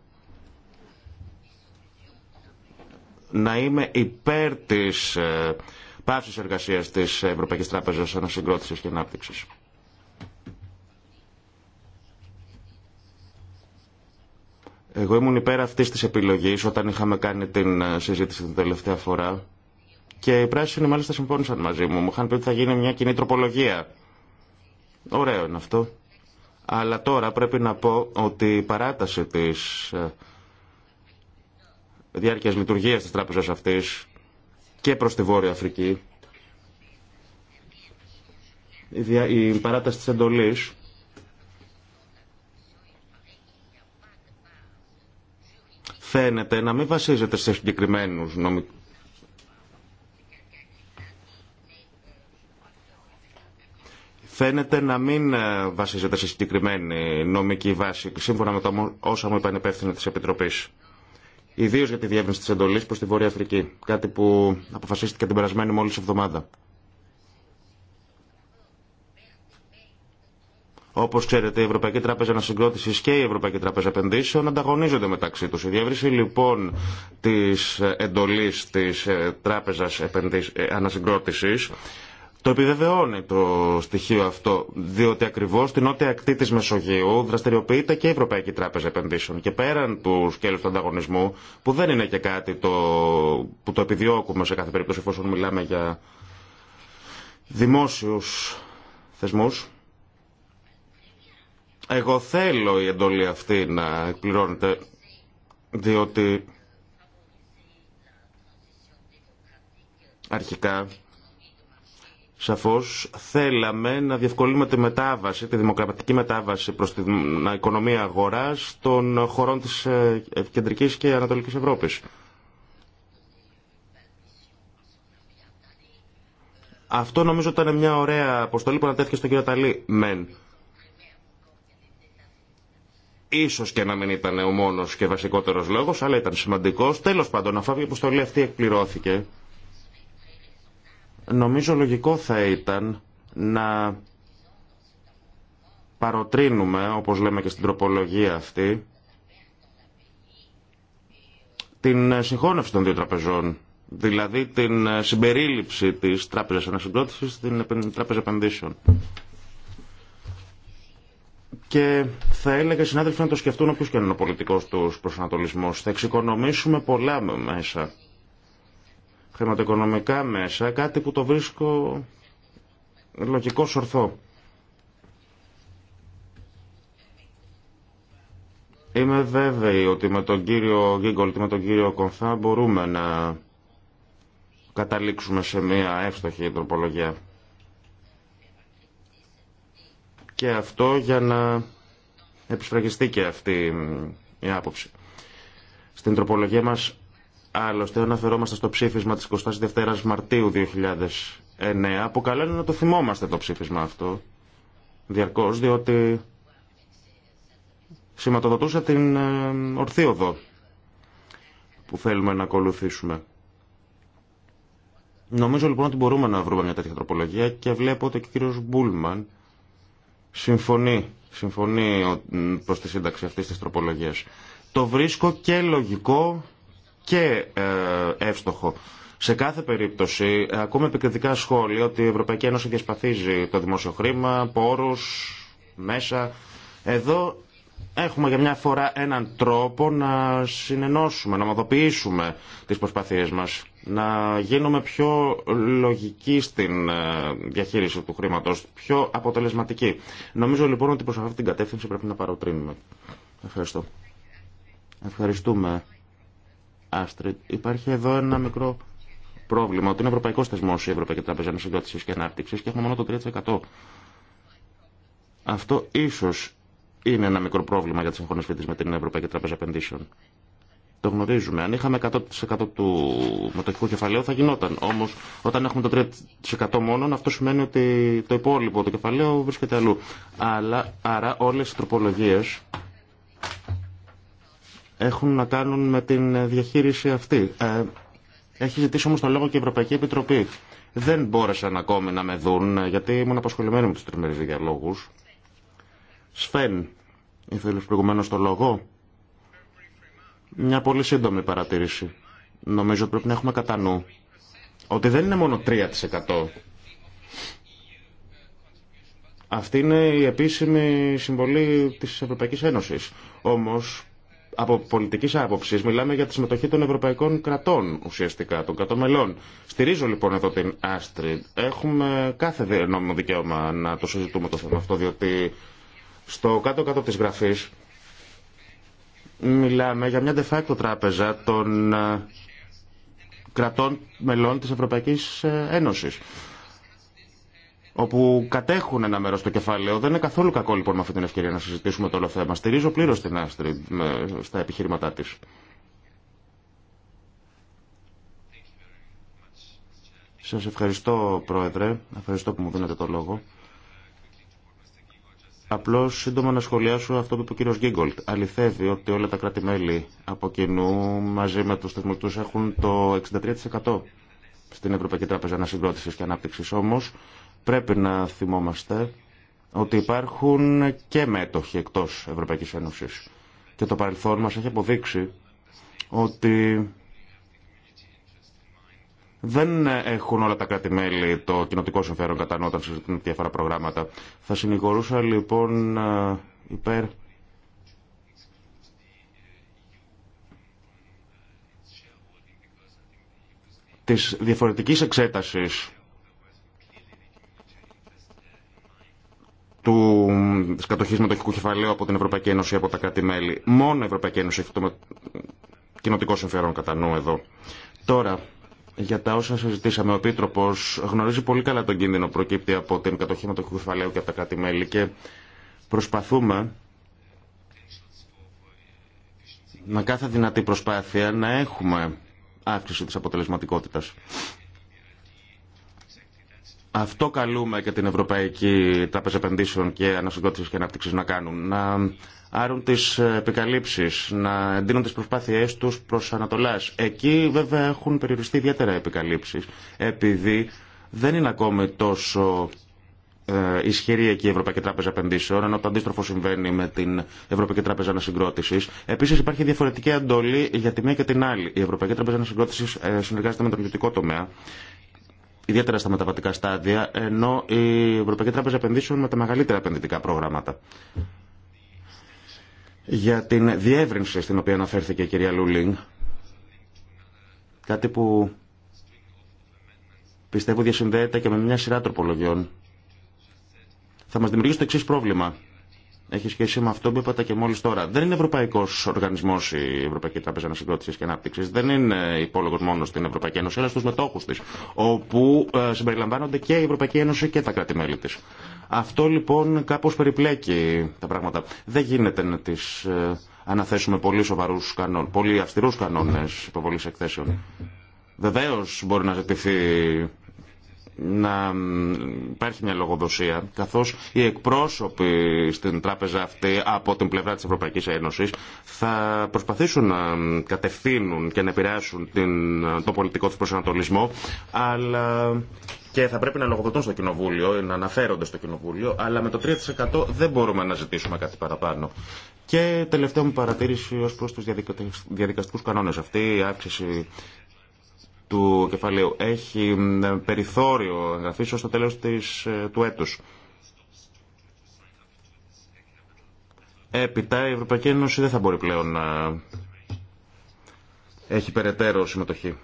να είμαι υπέρ της ε, πάυση εργασία τη Ευρωπαϊκή Τράπεζα Ανασυγκρότηση και ανάπτυξη. Εγώ ήμουν υπέρ αυτή τη επιλογή όταν είχαμε κάνει την ε, συζήτηση την τελευταία φορά και οι πράσινοι μάλιστα συμφώνησαν μαζί μου. Μου είχαν πει ότι θα γίνει μια κοινή τροπολογία. Ωραίο είναι αυτό. Αλλά τώρα πρέπει να πω ότι η παράταση της ε, Διάρκεια λειτουργία τη τράπεζας αυτή και προ τη Βόρεια Αφρική. Η παράταση της εντολής φαίνεται να μην βασίζεται σε συγκεκριμένους νομικού. φαίνεται να μην ε, βασίζεται σε συγκεκριμένη νομική βάση, σύμφωνα με το όσα μου είπαν υπεύθυνοι της Επιτροπής ιδίω για τη διεύρυνση τη εντολή προ τη Βόρεια Αφρική. Κάτι που αποφασίστηκε την περασμένη μόλι εβδομάδα. Όπω ξέρετε, η Ευρωπαϊκή Τράπεζα Ανασυγκρότηση και η Ευρωπαϊκή Τράπεζα Επενδύσεων ανταγωνίζονται μεταξύ του. Η διεύρυνση λοιπόν τη εντολή τη ε, Τράπεζα ε, Ανασυγκρότηση το επιβεβαιώνει το στοιχείο αυτό, διότι ακριβώ στην νότια ακτή τη Μεσογείου δραστηριοποιείται και η Ευρωπαϊκή Τράπεζα Επενδύσεων. Και πέραν του σκέλου του ανταγωνισμού, που δεν είναι και κάτι το, που το επιδιώκουμε σε κάθε περίπτωση, εφόσον μιλάμε για δημόσιου θεσμού. Εγώ θέλω η εντολή αυτή να εκπληρώνεται, διότι αρχικά Σαφώς θέλαμε να διευκολύνουμε τη μετάβαση, τη δημοκρατική μετάβαση προς την οικονομία αγοράς των χωρών της ε, κεντρικής και ανατολικής Ευρώπης. Αυτό νομίζω ήταν μια ωραία αποστολή που ανατέθηκε στον κύριο Ταλή. Μεν. Ίσως και να μην ήταν ο μόνος και βασικότερος λόγος, αλλά ήταν σημαντικός. Τέλος πάντων, αφού η αποστολή αυτή εκπληρώθηκε, Νομίζω λογικό θα ήταν να παροτρύνουμε, όπως λέμε και στην τροπολογία αυτή, την συγχώνευση των δύο τραπεζών, δηλαδή την συμπερίληψη της Τράπεζας Ανασυγκρότησης στην Τράπεζα Επενδύσεων. Και θα έλεγα συνάδελφοι να το σκεφτούν όποιος και είναι ο πολιτικός τους προσανατολισμός. Θα εξοικονομήσουμε πολλά μέσα χρηματοοικονομικά μέσα, κάτι που το βρίσκω λογικό σορθό. Είμαι βέβαιη ότι με τον κύριο και με τον κύριο Κονθά μπορούμε να καταλήξουμε σε μια εύστοχη τροπολογία. Και αυτό για να επισφραγιστεί και αυτή η άποψη. Στην τροπολογία μας Άλλωστε, αναφερόμαστε στο ψήφισμα της 22ης Μαρτίου 2009, που καλένε να το θυμόμαστε το ψήφισμα αυτό διαρκώς, διότι σηματοδοτούσε την ε, ορθή οδό που θέλουμε να ακολουθήσουμε. Νομίζω λοιπόν ότι μπορούμε να βρούμε μια τέτοια τροπολογία και βλέπω ότι ο κύριος Μπούλμαν συμφωνεί, συμφωνεί προς τη σύνταξη αυτής της τροπολογίας. Το βρίσκω και λογικό και ε, εύστοχο. Σε κάθε περίπτωση ε, ακούμε επικριτικά σχόλια ότι η Ευρωπαϊκή Ένωση διασπαθίζει το δημόσιο χρήμα, πόρους, μέσα. Εδώ έχουμε για μια φορά έναν τρόπο να συνενώσουμε, να ομοδοποιήσουμε τις προσπαθίες μας, να γίνουμε πιο λογικοί στην ε, διαχείριση του χρήματος, πιο αποτελεσματικοί. Νομίζω λοιπόν ότι προς αυτή την κατεύθυνση πρέπει να παροτρύνουμε. Ευχαριστώ. Ευχαριστούμε υπάρχει εδώ ένα μικρό πρόβλημα ότι είναι ευρωπαϊκό θεσμό η Ευρωπαϊκή Τράπεζα Ανασυγκρότηση και Ανάπτυξη και έχουμε μόνο το 3%. Αυτό ίσω είναι ένα μικρό πρόβλημα για τι εγχώνε με την Ευρωπαϊκή Τράπεζα Επενδύσεων. Το γνωρίζουμε. Αν είχαμε 100% του μετοχικού κεφαλαίου θα γινόταν. Όμω όταν έχουμε το 3% μόνο, αυτό σημαίνει ότι το υπόλοιπο, το κεφαλαίο βρίσκεται αλλού. Αλλά, άρα όλε οι τροπολογίε έχουν να κάνουν με την ε, διαχείριση αυτή. Ε, έχει ζητήσει όμω το λόγο και η Ευρωπαϊκή Επιτροπή. Δεν μπόρεσαν ακόμη να με δουν, ε, γιατί ήμουν απασχολημένοι με του τριμερεί διαλόγου. Σφεν, ήθελε προηγουμένω το λόγο. Μια πολύ σύντομη παρατήρηση. Νομίζω ότι πρέπει να έχουμε κατά νου ότι δεν είναι μόνο 3%. Αυτή είναι η επίσημη συμβολή της Ευρωπαϊκής Ένωσης. Όμως από πολιτική άποψη μιλάμε για τη συμμετοχή των ευρωπαϊκών κρατών ουσιαστικά, των κρατών μελών. Στηρίζω λοιπόν εδώ την Άστριντ. Έχουμε κάθε νόμιμο δικαίωμα να το συζητούμε το θέμα αυτό, διότι στο κάτω-κάτω τη γραφή μιλάμε για μια de facto τράπεζα των ε, κρατών μελών της Ευρωπαϊκής ε, Ένωσης όπου κατέχουν ένα μέρο του κεφαλαίου. Δεν είναι καθόλου κακό λοιπόν με αυτή την ευκαιρία να συζητήσουμε το όλο θέμα. Στηρίζω πλήρω την Άστρη στα επιχειρήματά τη. Σα ευχαριστώ, Πρόεδρε. Ευχαριστώ που μου δίνετε το λόγο. Απλώ σύντομα να σχολιάσω αυτό που είπε ο κύριο Γκίγκολτ. Αληθεύει ότι όλα τα κράτη-μέλη από κοινού μαζί με του θεσμικού έχουν το 63% στην Ευρωπαϊκή Τράπεζα Ανασυγκρότηση και Ανάπτυξη. Όμω Πρέπει να θυμόμαστε ότι υπάρχουν και μέτοχοι εκτός Ευρωπαϊκής Ένωσης. Και το παρελθόν μας έχει αποδείξει ότι δεν έχουν όλα τα κράτη-μέλη το κοινοτικό συμφέρον κατά όταν συζητούν διάφορα προγράμματα. Θα συνηγορούσα λοιπόν υπέρ της διαφορετικής εξέτασης του κατοχή μετοχικού κεφαλαίου από την Ευρωπαϊκή Ένωση από τα κράτη-μέλη. Μόνο η Ευρωπαϊκή Ένωση έχει το κοινοτικό συμφέρον κατά νου εδώ. Τώρα, για τα όσα συζητήσαμε, ο Επίτροπο γνωρίζει πολύ καλά τον κίνδυνο που προκύπτει από την κατοχή μετοχικού κεφαλαίου και από τα κράτη-μέλη και προσπαθούμε με κάθε δυνατή προσπάθεια να έχουμε αύξηση της αποτελεσματικότητας. Αυτό καλούμε και την Ευρωπαϊκή Τράπεζα Επενδύσεων και Ανασυγκρότηση και Ανάπτυξη να κάνουν. Να άρουν τι επικαλύψει, να εντείνουν τι προσπάθειέ του προ Ανατολά. Εκεί βέβαια έχουν περιοριστεί ιδιαίτερα επικαλύψει, επειδή δεν είναι ακόμη τόσο ε, ισχυρή εκεί η Ευρωπαϊκή Τράπεζα Επενδύσεων, ενώ το αντίστροφο συμβαίνει με την Ευρωπαϊκή Τράπεζα Ανασυγκρότηση. Επίση υπάρχει διαφορετική αντολή για τη μία και την άλλη. Η Ευρωπαϊκή Τράπεζα Ανασυγκρότηση ε, συνεργάζεται με τον ιδιωτικό τομέα ιδιαίτερα στα μεταβατικά στάδια, ενώ η Ευρωπαϊκή Τράπεζα Επενδύσεων με τα μεγαλύτερα επενδυτικά προγράμματα. Για την διεύρυνση στην οποία αναφέρθηκε η κυρία Λούλινγκ, κάτι που πιστεύω διασυνδέεται και με μια σειρά τροπολογιών, θα μας δημιουργήσει το εξή πρόβλημα έχει σχέση με αυτό που είπατε και μόλι τώρα. Δεν είναι ευρωπαϊκό οργανισμό η Ευρωπαϊκή Τράπεζα Ανασυγκρότηση και Ανάπτυξη. Δεν είναι υπόλογο μόνο στην Ευρωπαϊκή Ένωση, αλλά στου μετόχου τη, όπου ε, συμπεριλαμβάνονται και η Ευρωπαϊκή Ένωση και τα κράτη-μέλη τη. Αυτό λοιπόν κάπω περιπλέκει τα πράγματα. Δεν γίνεται να τι ε, αναθέσουμε πολύ σοβαρού κανόνε, πολύ αυστηρού κανόνε υποβολή εκθέσεων. Βεβαίω μπορεί να ζητηθεί να υπάρχει μια λογοδοσία, καθώ οι εκπρόσωποι στην τράπεζα αυτή από την πλευρά τη Ευρωπαϊκή Ένωση θα προσπαθήσουν να κατευθύνουν και να επηρεάσουν την, το πολιτικό του προσανατολισμό, αλλά και θα πρέπει να λογοδοτούν στο Κοινοβούλιο, να αναφέρονται στο Κοινοβούλιο, αλλά με το 3% δεν μπορούμε να ζητήσουμε κάτι παραπάνω. Και τελευταία μου παρατήρηση ω προ του διαδικαστικού κανόνε. Αυτή η αύξηση του κεφαλαίου έχει περιθώριο εγγραφή ως το τέλος της, ε, του έτους. Έπειτα η Ευρωπαϊκή Ένωση δεν θα μπορεί πλέον να έχει περαιτέρω συμμετοχή.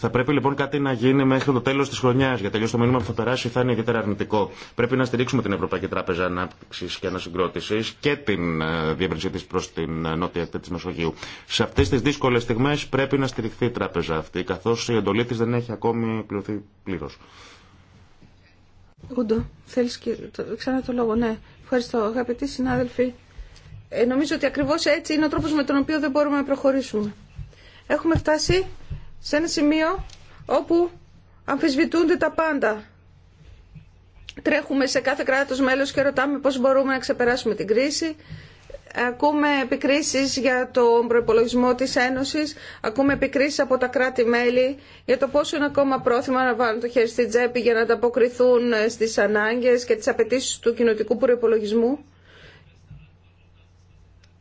Θα πρέπει λοιπόν κάτι να γίνει μέχρι το τέλο τη χρονιά, γιατί αλλιώ το μήνυμα που θα περάσει θα είναι ιδιαίτερα αρνητικό. Πρέπει να στηρίξουμε την Ευρωπαϊκή Τράπεζα Ανάπτυξη και Ανασυγκρότηση και την ε, διεύρυνσή τη προ την ε, νότια ακτή τη Μεσογείου. Σε αυτέ τι δύσκολε στιγμέ πρέπει να στηριχθεί η τράπεζα αυτή, καθώ η εντολή τη δεν έχει ακόμη πληρωθεί πλήρω. Ούντο, θέλει και... ξανά το λόγο, ναι. Ευχαριστώ, αγαπητοί συνάδελφοι. Ε, νομίζω ότι ακριβώ έτσι είναι ο τρόπο με τον οποίο δεν μπορούμε να προχωρήσουμε. Έχουμε φτάσει σε ένα σημείο όπου αμφισβητούνται τα πάντα. Τρέχουμε σε κάθε κράτος μέλος και ρωτάμε πώς μπορούμε να ξεπεράσουμε την κρίση. Ακούμε επικρίσεις για τον προπολογισμό της Ένωσης, ακούμε επικρίσεις από τα κράτη-μέλη για το πόσο είναι ακόμα πρόθυμα να βάλουν το χέρι στη τσέπη για να ανταποκριθούν στις ανάγκες και τις απαιτήσει του κοινοτικού προπολογισμού.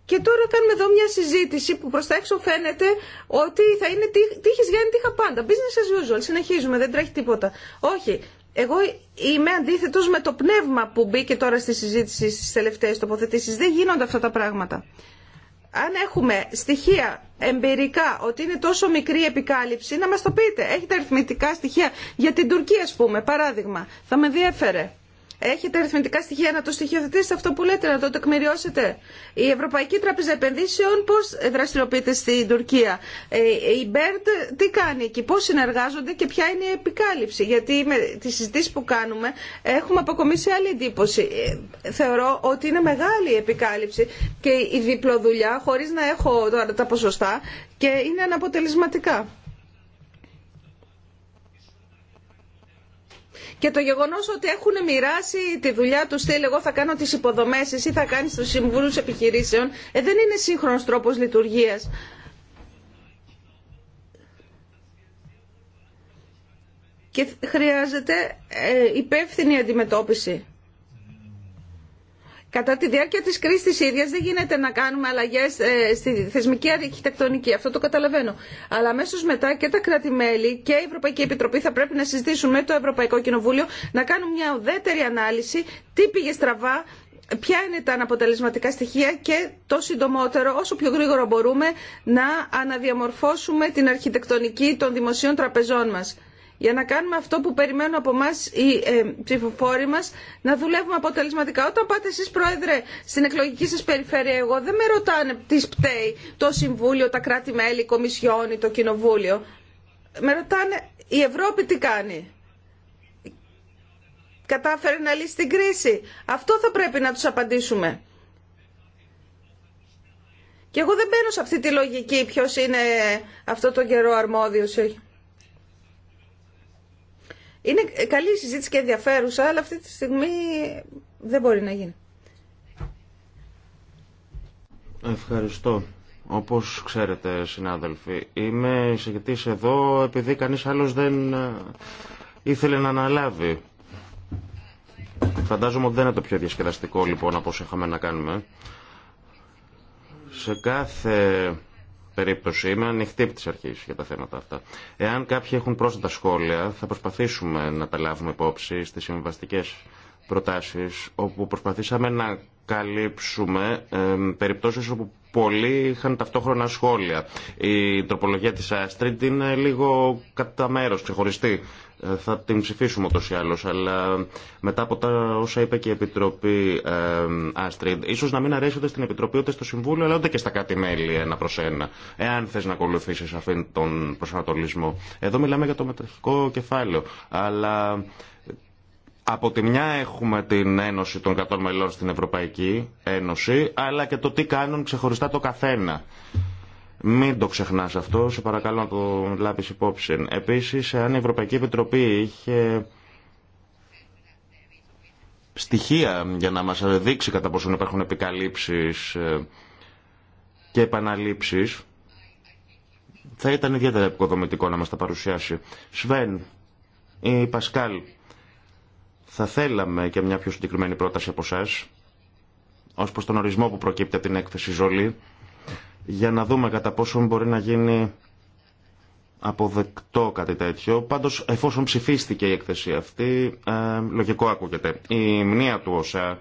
Και τώρα κάνουμε εδώ μια συζήτηση που προ τα έξω φαίνεται ότι θα είναι τύχης για τύχα πάντα. Business as usual, συνεχίζουμε, δεν τρέχει τίποτα. Όχι, εγώ είμαι αντίθετο με το πνεύμα που μπήκε τώρα στη συζήτηση στι τελευταίε τοποθετήσει. Δεν γίνονται αυτά τα πράγματα. Αν έχουμε στοιχεία εμπειρικά ότι είναι τόσο μικρή επικάλυψη, να μα το πείτε. Έχετε αριθμητικά στοιχεία για την Τουρκία, α πούμε, παράδειγμα. Θα με διέφερε. Έχετε αριθμητικά στοιχεία να το στοιχειοθετήσετε αυτό που λέτε, να το τεκμηριώσετε. Η Ευρωπαϊκή Τράπεζα Επενδύσεων πώ δραστηριοποιείται στην Τουρκία. Ε, η Μπέρντ τι κάνει εκεί, πώ συνεργάζονται και ποια είναι η επικάλυψη. Γιατί με τι συζητήσει που κάνουμε έχουμε αποκομίσει άλλη εντύπωση. Ε, θεωρώ ότι είναι μεγάλη η επικάλυψη και η διπλοδουλειά χωρί να έχω τώρα τα ποσοστά και είναι αναποτελεσματικά. Και το γεγονός ότι έχουν μοιράσει τη δουλειά του θέλει εγώ θα κάνω τις υποδομές, εσύ θα κάνεις τους συμβούλους επιχειρήσεων, ε, δεν είναι σύγχρονος τρόπος λειτουργίας. Και χρειάζεται ε, υπεύθυνη αντιμετώπιση. Κατά τη διάρκεια της κρίσης της ίδιας δεν γίνεται να κάνουμε αλλαγές ε, στη θεσμική αρχιτεκτονική, αυτό το καταλαβαίνω. Αλλά αμέσως μετά και τα κράτη-μέλη και η Ευρωπαϊκή Επιτροπή θα πρέπει να συζητήσουν με το Ευρωπαϊκό Κοινοβούλιο να κάνουν μια ουδέτερη ανάλυση τι πήγε στραβά, ποια είναι τα αναποτελεσματικά στοιχεία και το συντομότερο, όσο πιο γρήγορα μπορούμε, να αναδιαμορφώσουμε την αρχιτεκτονική των δημοσίων τραπεζών μας για να κάνουμε αυτό που περιμένουν από εμά οι ε, ψηφοφόροι μα, να δουλεύουμε αποτελεσματικά. Όταν πάτε εσεί, Πρόεδρε, στην εκλογική σα περιφέρεια, εγώ δεν με ρωτάνε τι πταίει το Συμβούλιο, τα κράτη-μέλη, η Κομισιόν ή το Κοινοβούλιο. Με ρωτάνε Ευρώπη τι κάνει. Κατάφερε να λύσει την κρίση. Αυτό θα πρέπει να τους απαντήσουμε. Και εγώ δεν μπαίνω σε αυτή τη λογική ποιος είναι αυτό το καιρό αρμόδιος. Είναι καλή συζήτηση και ενδιαφέρουσα, αλλά αυτή τη στιγμή δεν μπορεί να γίνει. Ευχαριστώ. Όπως ξέρετε συνάδελφοι, είμαι εισηγητής εδώ επειδή κανείς άλλος δεν ε, ήθελε να αναλάβει. Φαντάζομαι ότι δεν είναι το πιο διασκεδαστικό λοιπόν από όσο είχαμε να κάνουμε. Σε κάθε περίπτωση. Είμαι ανοιχτή από τις αρχέ για τα θέματα αυτά. Εάν κάποιοι έχουν πρόσθετα σχόλια, θα προσπαθήσουμε να τα λάβουμε υπόψη στις συμβαστικέ προτάσεις, όπου προσπαθήσαμε να καλύψουμε ε, περιπτώσεις όπου Πολλοί είχαν ταυτόχρονα σχόλια. Η τροπολογία της Άστριντ είναι λίγο κατά μέρος, ξεχωριστή. Ε, θα την ψηφίσουμε ούτως ή άλλως, αλλά μετά από τα όσα είπε και η Επιτροπή Άστριντ, ε, ίσως να μην αρέσει ούτε στην Επιτροπή ούτε στο Συμβούλιο, αλλά ούτε και στα κάτι μέλη ένα προς ένα, εάν θες να ακολουθήσεις αυτόν τον προσανατολισμό. Εδώ μιλάμε για το μεταρχικό κεφάλαιο, αλλά από τη μια έχουμε την Ένωση των 100 μελών στην Ευρωπαϊκή Ένωση, αλλά και το τι κάνουν ξεχωριστά το καθένα. Μην το ξεχνά αυτό, σε παρακαλώ να το λάβει υπόψη. Επίση, αν η Ευρωπαϊκή Επιτροπή είχε στοιχεία για να μας δείξει κατά πόσο υπάρχουν επικαλύψει ε, και επαναλήψεις, θα ήταν ιδιαίτερα επικοδομητικό να μα τα παρουσιάσει. Σβέν, η Πασκάλ θα θέλαμε και μια πιο συγκεκριμένη πρόταση από εσά, ω προ τον ορισμό που προκύπτει από την έκθεση Ζολή, για να δούμε κατά πόσο μπορεί να γίνει αποδεκτό κάτι τέτοιο. Πάντως, εφόσον ψηφίστηκε η έκθεση αυτή, ε, λογικό ακούγεται. Η μνήμα του ΩΣΑ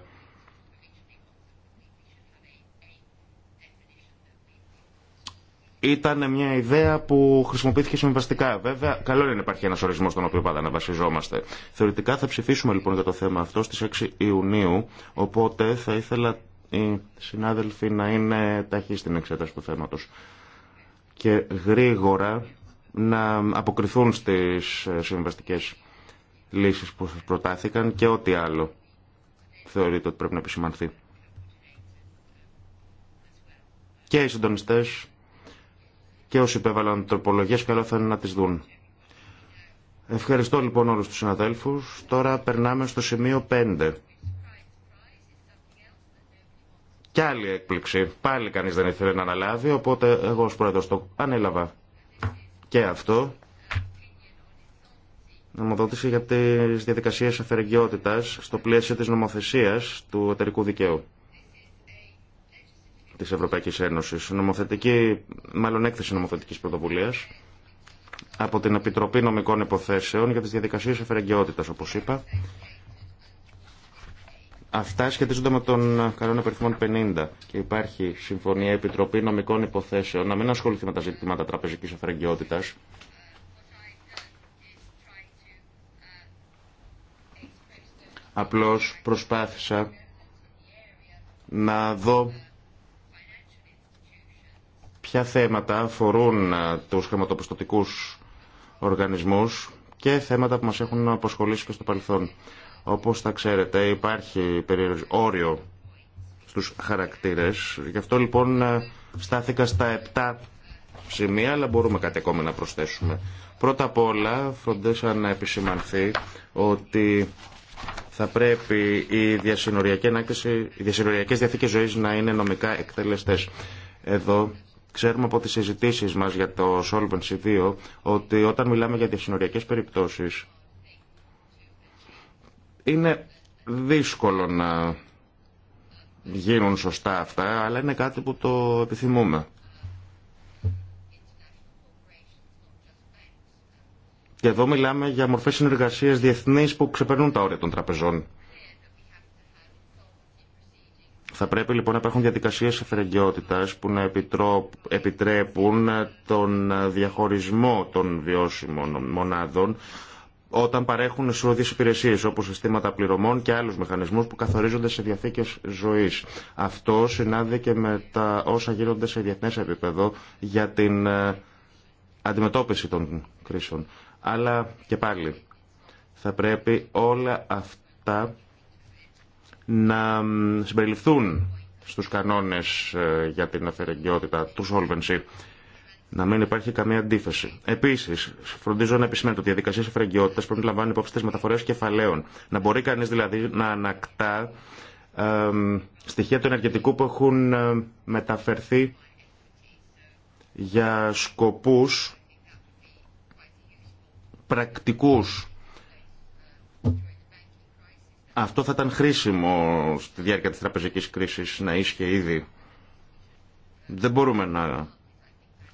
ήταν μια ιδέα που χρησιμοποιήθηκε συμβαστικά. Βέβαια, καλό είναι να υπάρχει ένα ορισμό στον οποίο πάντα να βασιζόμαστε. Θεωρητικά θα ψηφίσουμε λοιπόν για το θέμα αυτό στι 6 Ιουνίου, οπότε θα ήθελα οι συνάδελφοι να είναι ταχύ στην εξέταση του θέματος και γρήγορα να αποκριθούν στι ε, συμβαστικέ λύσεις που σα προτάθηκαν και ό,τι άλλο θεωρείτε ότι πρέπει να επισημανθεί. Και οι συντονιστές και όσοι υπέβαλαν τροπολογίες καλό θα είναι να τις δουν. Ευχαριστώ λοιπόν όλους τους συναδέλφους. Τώρα περνάμε στο σημείο 5. Κι άλλη έκπληξη. Πάλι κανείς δεν ήθελε να αναλάβει, οπότε εγώ ως πρόεδρος το ανέλαβα. Και αυτό. Νομοδότηση για τις διαδικασίες αφαιρεγγιότητας στο πλαίσιο της νομοθεσίας του εταιρικού δικαίου της Ευρωπαϊκής Ένωσης, νομοθετική, μάλλον έκθεση νομοθετική πρωτοβουλία από την Επιτροπή Νομικών Υποθέσεων για τι διαδικασίε εφερεγγιότητας, όπως είπα. Αυτά σχετίζονται με τον κανόνα περιθμών 50 και υπάρχει συμφωνία Επιτροπή Νομικών Υποθέσεων να μην ασχοληθεί με τα ζητήματα τραπεζικής εφερεγγιότητας. Απλώς προσπάθησα να δω ποια θέματα αφορούν τους χρηματοπιστωτικούς οργανισμούς και θέματα που μας έχουν αποσχολήσει και στο παρελθόν. Όπως θα ξέρετε υπάρχει όριο στους χαρακτήρες. Γι' αυτό λοιπόν στάθηκα στα 7 σημεία, αλλά μπορούμε κάτι ακόμη να προσθέσουμε. Πρώτα απ' όλα φροντίσα να επισημανθεί ότι θα πρέπει η διασυνοριακή ανάκτηση, οι διασυνοριακές διαθήκες ζωής να είναι νομικά εκτελεστές. Εδώ Ξέρουμε από τις συζητήσεις μας για το Solvency 2 ότι όταν μιλάμε για διασυνοριακές περιπτώσεις είναι δύσκολο να γίνουν σωστά αυτά, αλλά είναι κάτι που το επιθυμούμε. Και εδώ μιλάμε για μορφές συνεργασίας διεθνείς που ξεπερνούν τα όρια των τραπεζών. Θα πρέπει λοιπόν να υπάρχουν διαδικασίες εφερεγγιότητας που να επιτρέπουν τον διαχωρισμό των βιώσιμων μονάδων όταν παρέχουν εσωδεί υπηρεσίες όπως συστήματα πληρωμών και άλλους μηχανισμούς που καθορίζονται σε διαθήκε ζωή. Αυτό συνάδει και με τα όσα γίνονται σε διεθνέ επίπεδο για την ε, αντιμετώπιση των κρίσεων. Αλλά και πάλι θα πρέπει όλα αυτά να συμπεριληφθούν στους κανόνες ε, για την αφαιρεγκαιότητα του solvency. Να μην υπάρχει καμία αντίθεση. Επίση, φροντίζω να επισημαίνω ότι οι διαδικασίε αφαιρεγγιότητα πρέπει να λαμβάνουν υπόψη τι μεταφορέ κεφαλαίων. Να μπορεί κανεί δηλαδή να ανακτά στοιχεία του ενεργετικού που έχουν ε, μεταφερθεί για σκοπούς πρακτικούς αυτό θα ήταν χρήσιμο στη διάρκεια της τραπεζικής κρίσης να ίσχυε ήδη. Δεν μπορούμε να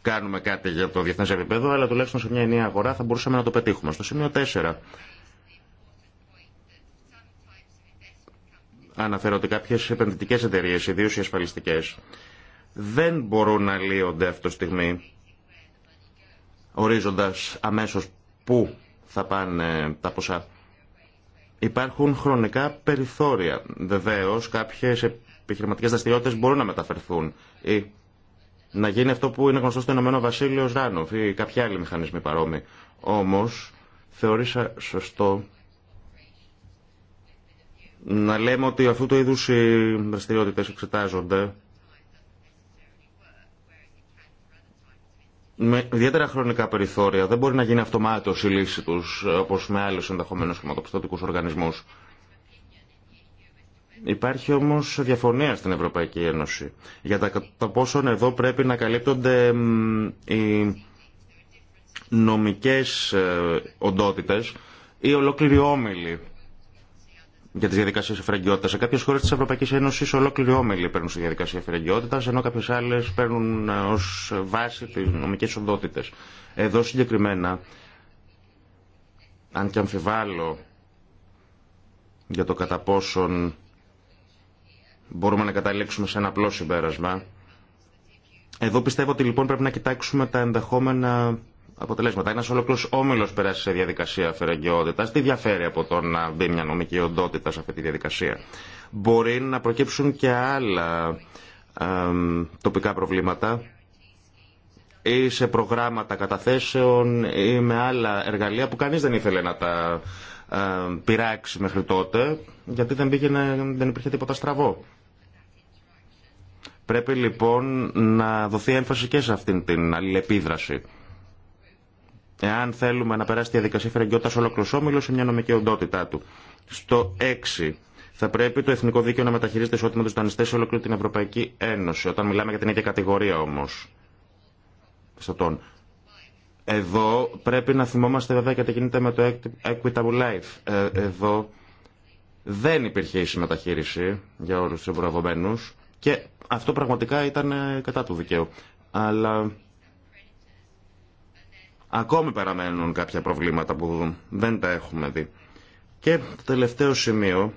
κάνουμε κάτι για το διεθνές επίπεδο, αλλά τουλάχιστον σε μια ενιαία αγορά θα μπορούσαμε να το πετύχουμε. Στο σημείο 4. Αναφέρω ότι κάποιες επενδυτικές εταιρείες, ιδίω οι ασφαλιστικές, δεν μπορούν να λύονται αυτή τη στιγμή, ορίζοντας αμέσως πού θα πάνε τα ποσά. Υπάρχουν χρονικά περιθώρια. Βεβαίω, κάποιε επιχειρηματικέ δραστηριότητε μπορούν να μεταφερθούν ή να γίνει αυτό που είναι γνωστό στο Ηνωμένο Βασίλειο Ράνοφ ή κάποιοι άλλοι μηχανισμοί παρόμοιοι. Όμω, θεωρήσα σωστό να λέμε ότι αυτού του είδου οι δραστηριότητε εξετάζονται με ιδιαίτερα χρονικά περιθώρια. Δεν μπορεί να γίνει αυτομάτως η λύση τους, όπως με άλλους ενδεχομένως χρηματοπιστωτικούς οργανισμούς. Υπάρχει όμως διαφωνία στην Ευρωπαϊκή Ένωση για τα πόσο εδώ πρέπει να καλύπτονται οι νομικές ε, οντότητες ή ολόκληροι για τι διαδικασίε εφραγκιότητα. Σε κάποιε χώρε τη Ευρωπαϊκή Ένωση ολόκληροι όμιλοι παίρνουν στη διαδικασία εφραγκιότητα, ενώ κάποιε άλλε παίρνουν ε, ω βάση τι νομικέ οντότητε. Εδώ συγκεκριμένα, αν και αμφιβάλλω για το κατά πόσον μπορούμε να καταλήξουμε σε ένα απλό συμπέρασμα, εδώ πιστεύω ότι λοιπόν πρέπει να κοιτάξουμε τα ενδεχόμενα αποτελέσματα. Ένα ολόκληρο όμιλο περάσει σε διαδικασία αφαιρεγκαιότητα. Τι διαφέρει από το να μπει μια νομική οντότητα σε αυτή τη διαδικασία. Μπορεί να προκύψουν και άλλα τοπικά προβλήματα ή σε προγράμματα καταθέσεων ή με άλλα εργαλεία που κανείς δεν ήθελε να τα ε, πειράξει μέχρι τότε γιατί δεν, πήγαινε, δεν υπήρχε τίποτα στραβό. Πρέπει λοιπόν να δοθεί έμφαση και σε αυτήν την αλληλεπίδραση εάν θέλουμε να περάσει τη διαδικασία φερεγγιότητα ολόκληρο όμιλο σε μια νομική οντότητά του. Στο 6. Θα πρέπει το εθνικό δίκαιο να μεταχειρίζεται ισότιμα του δανειστέ σε ολόκληρη την Ευρωπαϊκή Ένωση, όταν μιλάμε για την ίδια κατηγορία όμω. Εδώ πρέπει να θυμόμαστε βέβαια και γίνεται με το Equitable Life. Ε, εδώ δεν υπήρχε ίση μεταχείριση για όλου του εμπορευμένου και αυτό πραγματικά ήταν ε, κατά του δικαίου. Αλλά Ακόμη παραμένουν κάποια προβλήματα που δεν τα έχουμε δει. Και το τελευταίο σημείο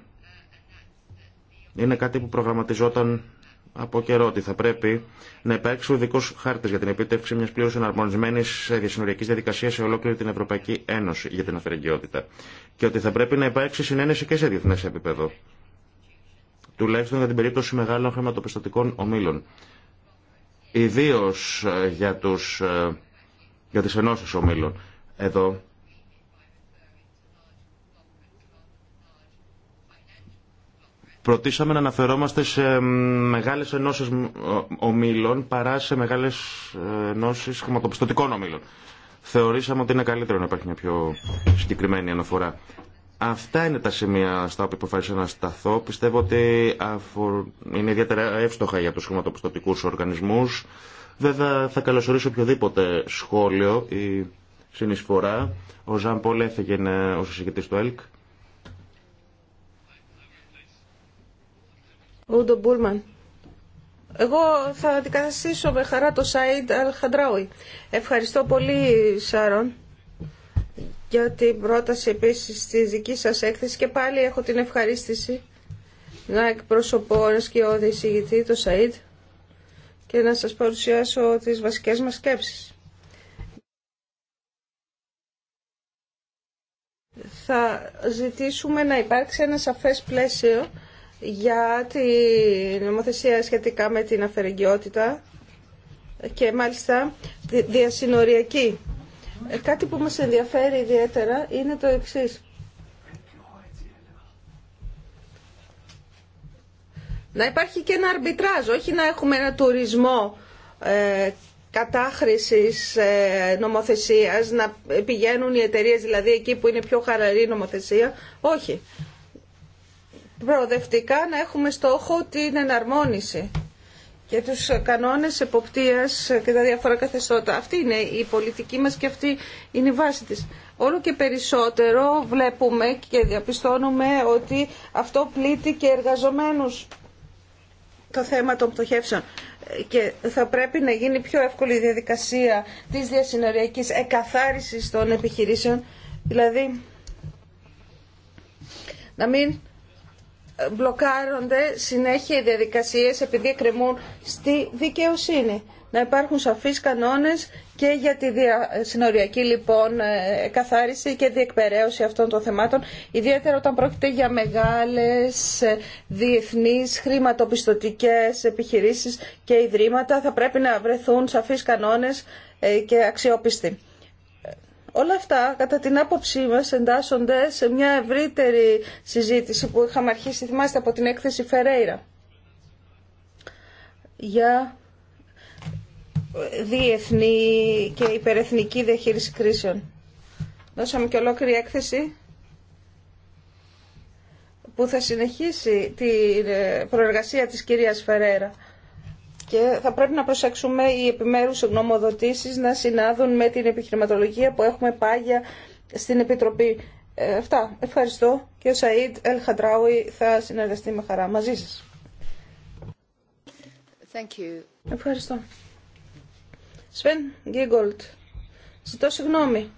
είναι κάτι που προγραμματιζόταν από καιρό ότι θα πρέπει να υπάρξει ο ειδικό χάρτη για την επίτευξη μια πλήρω εναρμονισμένη διασυνοριακή διαδικασία σε ολόκληρη την Ευρωπαϊκή Ένωση για την αφαιρεγκαιότητα. Και ότι θα πρέπει να υπάρξει συνένεση και σε διεθνέ επίπεδο. Τουλάχιστον για την περίπτωση μεγάλων χρηματοπιστωτικών ομήλων. Ιδίω ε, για του ε, για τις ενώσεις ομίλων. Εδώ προτίσαμε να αναφερόμαστε σε μεγάλες ενώσεις ομίλων παρά σε μεγάλες ε, ενώσεις χρηματοπιστωτικών ομίλων. Θεωρήσαμε ότι είναι καλύτερο να υπάρχει μια πιο συγκεκριμένη αναφορά. Αυτά είναι τα σημεία στα οποία προφάσισα να σταθώ. Πιστεύω ότι είναι ιδιαίτερα εύστοχα για τους χρηματοπιστωτικούς οργανισμούς. Βέβαια θα καλωσορίσω οποιοδήποτε σχόλιο ή συνεισφορά. Ο Ζαν Πολ έφυγε ω συζητητής του ΕΛΚ. Μπούλμαν. Εγώ θα αντικαταστήσω με χαρά το Σαΐντ Αλχαντράουι. Ευχαριστώ πολύ Σάρον για την πρόταση επίσης τη δική σας έκθεση και πάλι έχω την ευχαρίστηση να εκπροσωπώ ως και ο το Σαΐντ και να σας παρουσιάσω τις βασικές μας σκέψεις. Θα ζητήσουμε να υπάρξει ένα σαφές πλαίσιο για τη νομοθεσία σχετικά με την αφαιρεγγιότητα και μάλιστα διασυνοριακή. Ε, κάτι που μας ενδιαφέρει ιδιαίτερα είναι το εξής. Να υπάρχει και ένα αρμπιτράζ, όχι να έχουμε ένα τουρισμό ε, κατάχρησης ε, νομοθεσίας, να πηγαίνουν οι εταιρείες δηλαδή εκεί που είναι πιο χαραρή νομοθεσία. Όχι. Προοδευτικά να έχουμε στόχο την εναρμόνιση και τους κανόνες εποπτείας και τα διάφορα καθεστώτα. Αυτή είναι η πολιτική μας και αυτή είναι η βάση της. Όλο και περισσότερο βλέπουμε και διαπιστώνουμε ότι αυτό πλήττει και εργαζομένους το θέμα των πτωχεύσεων και θα πρέπει να γίνει πιο εύκολη η διαδικασία της διασυνοριακής εκαθάρισης των επιχειρήσεων, δηλαδή να μην μπλοκάρονται συνέχεια οι διαδικασίες επειδή εκκρεμούν στη δικαιοσύνη να υπάρχουν σαφείς κανόνες και για τη συνοριακή λοιπόν ε, καθάριση και διεκπαιρέωση αυτών των θεμάτων, ιδιαίτερα όταν πρόκειται για μεγάλες ε, διεθνείς χρηματοπιστωτικές επιχειρήσεις και ιδρύματα, θα πρέπει να βρεθούν σαφείς κανόνες ε, και αξιόπιστοι. Όλα αυτά, κατά την άποψή μας, εντάσσονται σε μια ευρύτερη συζήτηση που είχαμε αρχίσει, θυμάστε, από την έκθεση Φερέιρα για διεθνή και υπερεθνική διαχείριση κρίσεων. Δώσαμε και ολόκληρη έκθεση που θα συνεχίσει την ε, προεργασία της κυρίας Φερέρα. Και θα πρέπει να προσέξουμε οι επιμέρους γνωμοδοτήσεις να συνάδουν με την επιχειρηματολογία που έχουμε πάγια στην Επιτροπή. Ε, αυτά. Ευχαριστώ. Και ο Σαΐντ Ελ θα συνεργαστεί με χαρά μαζί σας. Ευχαριστώ. Σβεν Γκίγκολτ, ζητώ συγγνώμη.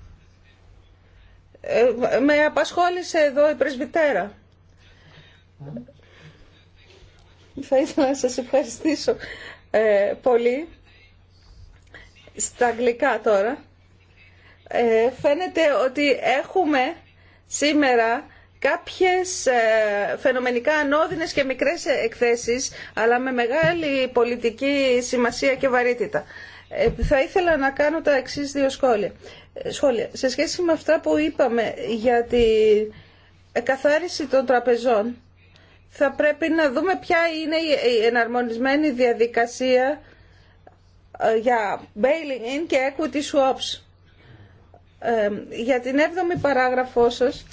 Ε, με απασχόλησε εδώ η πρεσβυτέρα. Θα ήθελα να σας ευχαριστήσω ε, πολύ. Στα αγγλικά τώρα. Ε, φαίνεται ότι έχουμε σήμερα κάποιες φαινομενικά ανώδυνες και μικρές εκθέσεις, αλλά με μεγάλη πολιτική σημασία και βαρύτητα. Ε, θα ήθελα να κάνω τα εξή δύο σχόλια. Ε, σχόλια. Σε σχέση με αυτά που είπαμε για τη ε, καθάριση των τραπεζών, θα πρέπει να δούμε ποια είναι η εναρμονισμένη διαδικασία για bailing in και equity swaps. Για την 7η παράγραφό σας,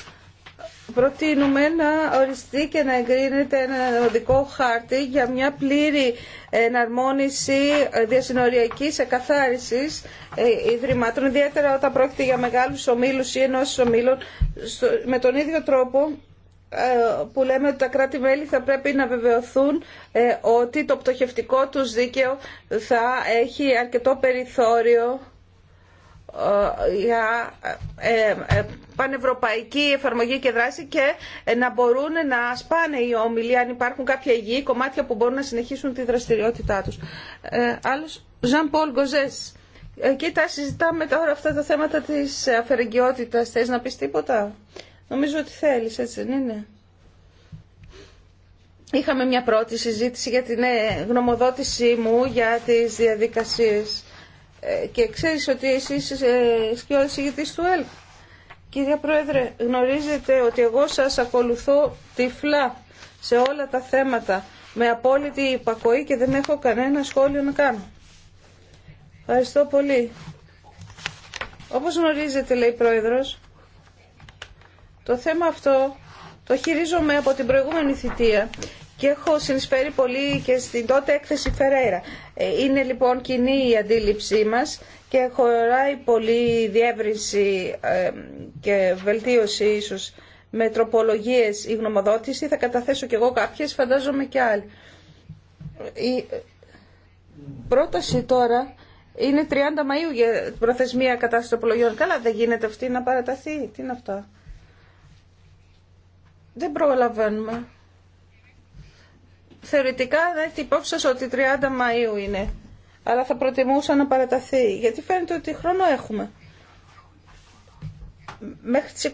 προτείνουμε να οριστεί και να εγκρίνεται ένα οδικό χάρτη για μια πλήρη εναρμόνιση διασυνοριακής εκαθάρισης ε, ιδρυμάτων, ιδιαίτερα όταν πρόκειται για μεγάλους ομίλους ή ενώσεις ομίλων, με τον ίδιο τρόπο ε, που λέμε ότι τα κράτη-μέλη θα πρέπει να βεβαιωθούν ε, ότι το πτωχευτικό τους δίκαιο θα έχει αρκετό περιθώριο για ε, ε, πανευρωπαϊκή εφαρμογή και δράση και ε, να μπορούν να σπάνε οι όμιλοι αν υπάρχουν κάποια υγιή κομμάτια που μπορούν να συνεχίσουν τη δραστηριότητά τους. Άλλος, Ζαν Πολ Γκοζές. Κοίτα, συζητάμε τώρα αυτά τα θέματα της αφαιρεγγιότητας. Θες να πεις τίποτα? Νομίζω ότι θέλεις, έτσι δεν είναι. Είχαμε μια πρώτη συζήτηση για την γνωμοδότησή μου για τις διαδικασίες ε, και ξέρεις ότι εσείς είσαι σκιώδης του ΕΛΚ. Κυρία Πρόεδρε, γνωρίζετε ότι εγώ σας ακολουθώ τυφλά σε όλα τα θέματα με απόλυτη υπακοή και δεν έχω κανένα σχόλιο να κάνω. Ευχαριστώ πολύ. Όπως γνωρίζετε, λέει η Πρόεδρος, το θέμα αυτό το χειρίζομαι από την προηγούμενη θητεία και έχω συνεισφέρει πολύ και στην τότε έκθεση Φεραίρα. Ε, είναι λοιπόν κοινή η αντίληψή μας και χωράει πολύ διεύρυνση και βελτίωση ίσως με τροπολογίες η γνωμοδότηση. Θα καταθέσω και εγώ κάποιες, φαντάζομαι και άλλοι. Η ε, πρόταση τώρα είναι 30 Μαΐου για προθεσμία κατάσταση τροπολογιών. Καλά δεν γίνεται αυτή να παραταθεί. Τι είναι αυτά. Δεν προλαβαίνουμε θεωρητικά να έχετε υπόψη σας ότι 30 Μαΐου είναι. Αλλά θα προτιμούσα να παραταθεί, γιατί φαίνεται ότι χρόνο έχουμε. Μέχρι τις 27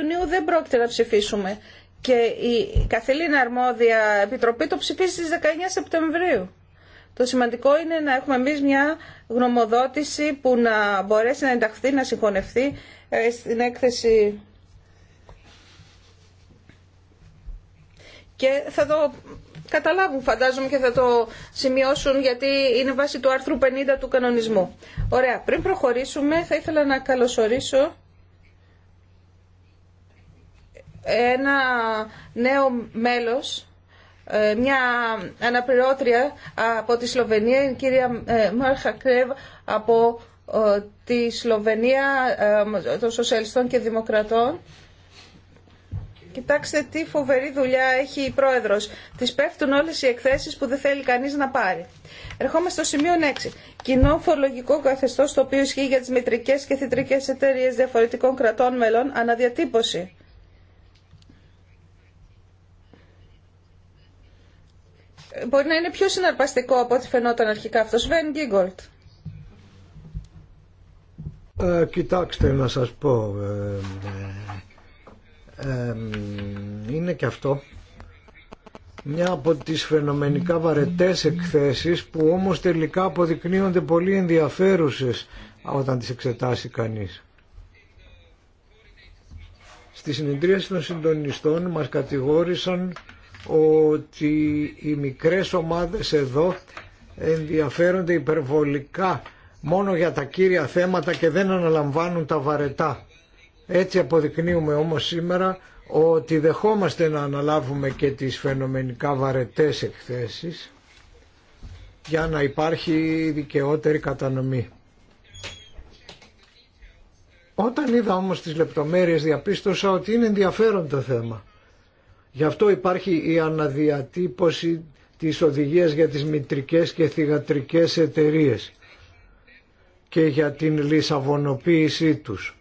Ιουνίου δεν πρόκειται να ψηφίσουμε. Και η καθελήνα αρμόδια επιτροπή το ψηφίζει στις 19 Σεπτεμβρίου. Το σημαντικό είναι να έχουμε εμεί μια γνωμοδότηση που να μπορέσει να ενταχθεί, να συγχωνευτεί ε, στην έκθεση. Και θα το καταλάβουν φαντάζομαι και θα το σημειώσουν γιατί είναι βάση του άρθρου 50 του κανονισμού. Ωραία, πριν προχωρήσουμε θα ήθελα να καλωσορίσω ένα νέο μέλος, ε, μια αναπληρώτρια από τη Σλοβενία, η κυρία ε, Μάρχα Κρέβ από ε, τη Σλοβενία των Σοσιαλιστών και Δημοκρατών Κοιτάξτε τι φοβερή δουλειά έχει η πρόεδρος. Τη πέφτουν όλε οι εκθέσει που δεν θέλει κανείς να πάρει. Ερχόμαστε στο σημείο 6. Κοινό φορολογικό καθεστώ το οποίο ισχύει για τι μητρικέ και θητρικέ εταιρείε διαφορετικών κρατών μελών αναδιατύπωση. Μπορεί να είναι πιο συναρπαστικό από ό,τι φαινόταν αρχικά αυτό. Σβέν Γκίγκολτ. Ε, κοιτάξτε να σας πω. Ε, ε είναι και αυτό μια από τις φαινομενικά βαρετές εκθέσεις που όμως τελικά αποδεικνύονται πολύ ενδιαφέρουσες όταν τις εξετάσει κανείς. Στη συνεδρίαση των συντονιστών μας κατηγόρησαν ότι οι μικρές ομάδες εδώ ενδιαφέρονται υπερβολικά μόνο για τα κύρια θέματα και δεν αναλαμβάνουν τα βαρετά. Έτσι αποδεικνύουμε όμως σήμερα ότι δεχόμαστε να αναλάβουμε και τις φαινομενικά βαρετές εκθέσεις για να υπάρχει δικαιότερη κατανομή. Όταν είδα όμως τις λεπτομέρειες διαπίστωσα ότι είναι ενδιαφέρον το θέμα. Γι' αυτό υπάρχει η αναδιατύπωση της οδηγίας για τις μητρικές και θυγατρικές εταιρείες και για την λισαβονοποίησή τους.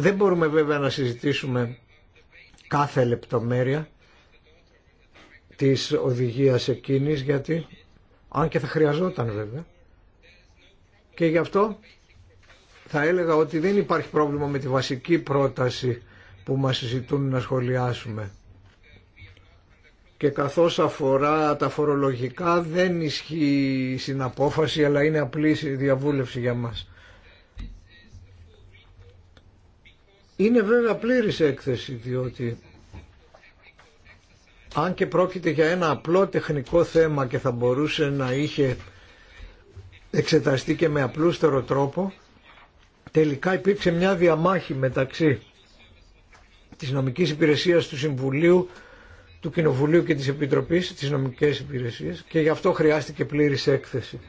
Δεν μπορούμε βέβαια να συζητήσουμε κάθε λεπτομέρεια της οδηγίας εκείνης γιατί αν και θα χρειαζόταν βέβαια και γι' αυτό θα έλεγα ότι δεν υπάρχει πρόβλημα με τη βασική πρόταση που μας συζητούν να σχολιάσουμε και καθώς αφορά τα φορολογικά δεν ισχύει η συναπόφαση αλλά είναι απλή διαβούλευση για μας. Είναι βέβαια πλήρης έκθεση διότι αν και πρόκειται για ένα απλό τεχνικό θέμα και θα μπορούσε να είχε εξεταστεί και με απλούστερο τρόπο τελικά υπήρξε μια διαμάχη μεταξύ της νομικής υπηρεσίας του Συμβουλίου του Κοινοβουλίου και της Επιτροπής της νομικές υπηρεσίες και γι' αυτό χρειάστηκε πλήρης έκθεση.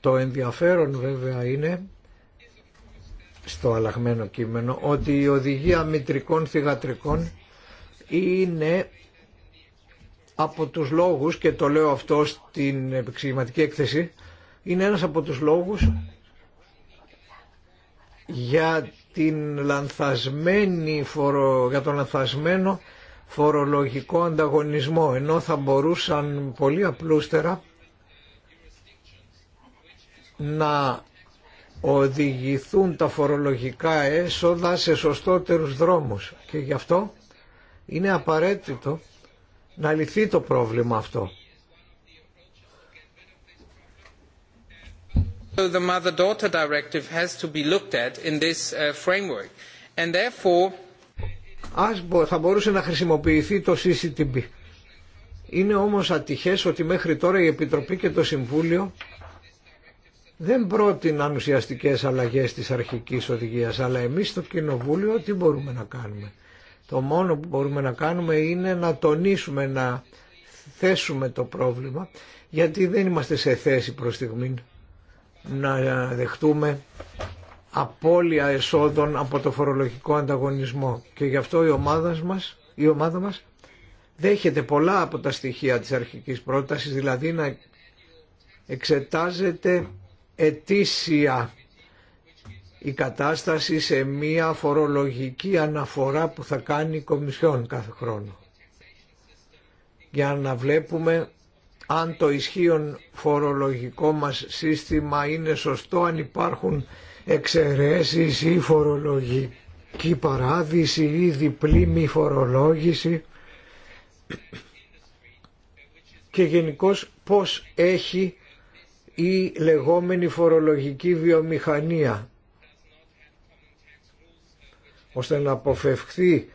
Το ενδιαφέρον βέβαια είναι στο αλλαγμένο κείμενο ότι η οδηγία μητρικών θυγατρικών είναι από τους λόγους και το λέω αυτό στην επεξηγηματική έκθεση είναι ένας από τους λόγους για, την λανθασμένη για τον λανθασμένο φορολογικό ανταγωνισμό ενώ θα μπορούσαν πολύ απλούστερα να οδηγηθούν τα φορολογικά έσοδα σε σωστότερους δρόμους και γι' αυτό είναι απαραίτητο να λυθεί το πρόβλημα αυτό. The θα μπορούσε να χρησιμοποιηθεί το CCTV. Είναι όμως ατυχές ότι μέχρι τώρα η Επιτροπή και το Συμβούλιο δεν πρότειναν ουσιαστικέ αλλαγέ τη αρχικής οδηγία, αλλά εμείς στο Κοινοβούλιο τι μπορούμε να κάνουμε. Το μόνο που μπορούμε να κάνουμε είναι να τονίσουμε, να θέσουμε το πρόβλημα, γιατί δεν είμαστε σε θέση προς στιγμή να δεχτούμε απώλεια εσόδων από το φορολογικό ανταγωνισμό. Και γι' αυτό η ομάδα μας, η ομάδα μας δέχεται πολλά από τα στοιχεία της αρχικής πρότασης, δηλαδή να εξετάζεται ετήσια η κατάσταση σε μία φορολογική αναφορά που θα κάνει η Κομισιόν κάθε χρόνο. Για να βλέπουμε αν το ισχύον φορολογικό μας σύστημα είναι σωστό, αν υπάρχουν εξαιρέσεις ή φορολογική παράδειση ή διπλή μη φορολόγηση και γενικώ πώς έχει η λεγόμενη φορολογική βιομηχανία ώστε να αποφευχθεί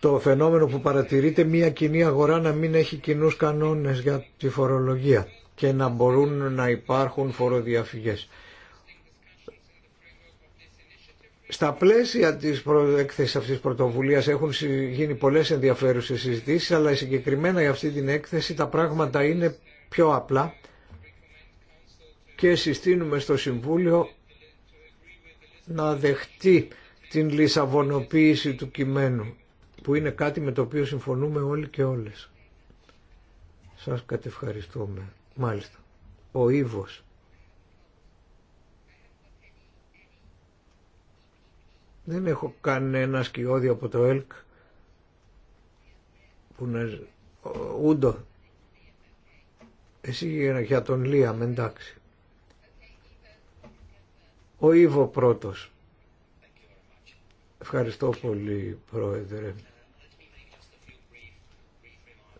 το φαινόμενο που παρατηρείται μια κοινή αγορά να μην έχει κοινούς κανόνες για τη φορολογία και να μπορούν να υπάρχουν φοροδιαφυγές. Στα πλαίσια της έκθεσης αυτής της πρωτοβουλίας έχουν γίνει πολλές ενδιαφέρουσες συζητήσεις αλλά συγκεκριμένα για αυτή την έκθεση τα πράγματα είναι πιο απλά και συστήνουμε στο Συμβούλιο να δεχτεί την λισαβονοποίηση του κειμένου που είναι κάτι με το οποίο συμφωνούμε όλοι και όλες. Σας κατευχαριστούμε. Μάλιστα. Ο Ήβος. Δεν έχω κανένα σκιώδη από το ΕΛΚ που να... Ούντο. Εσύ για τον Λία, εντάξει. Ο Ήβο πρώτος. Ευχαριστώ πολύ Πρόεδρε.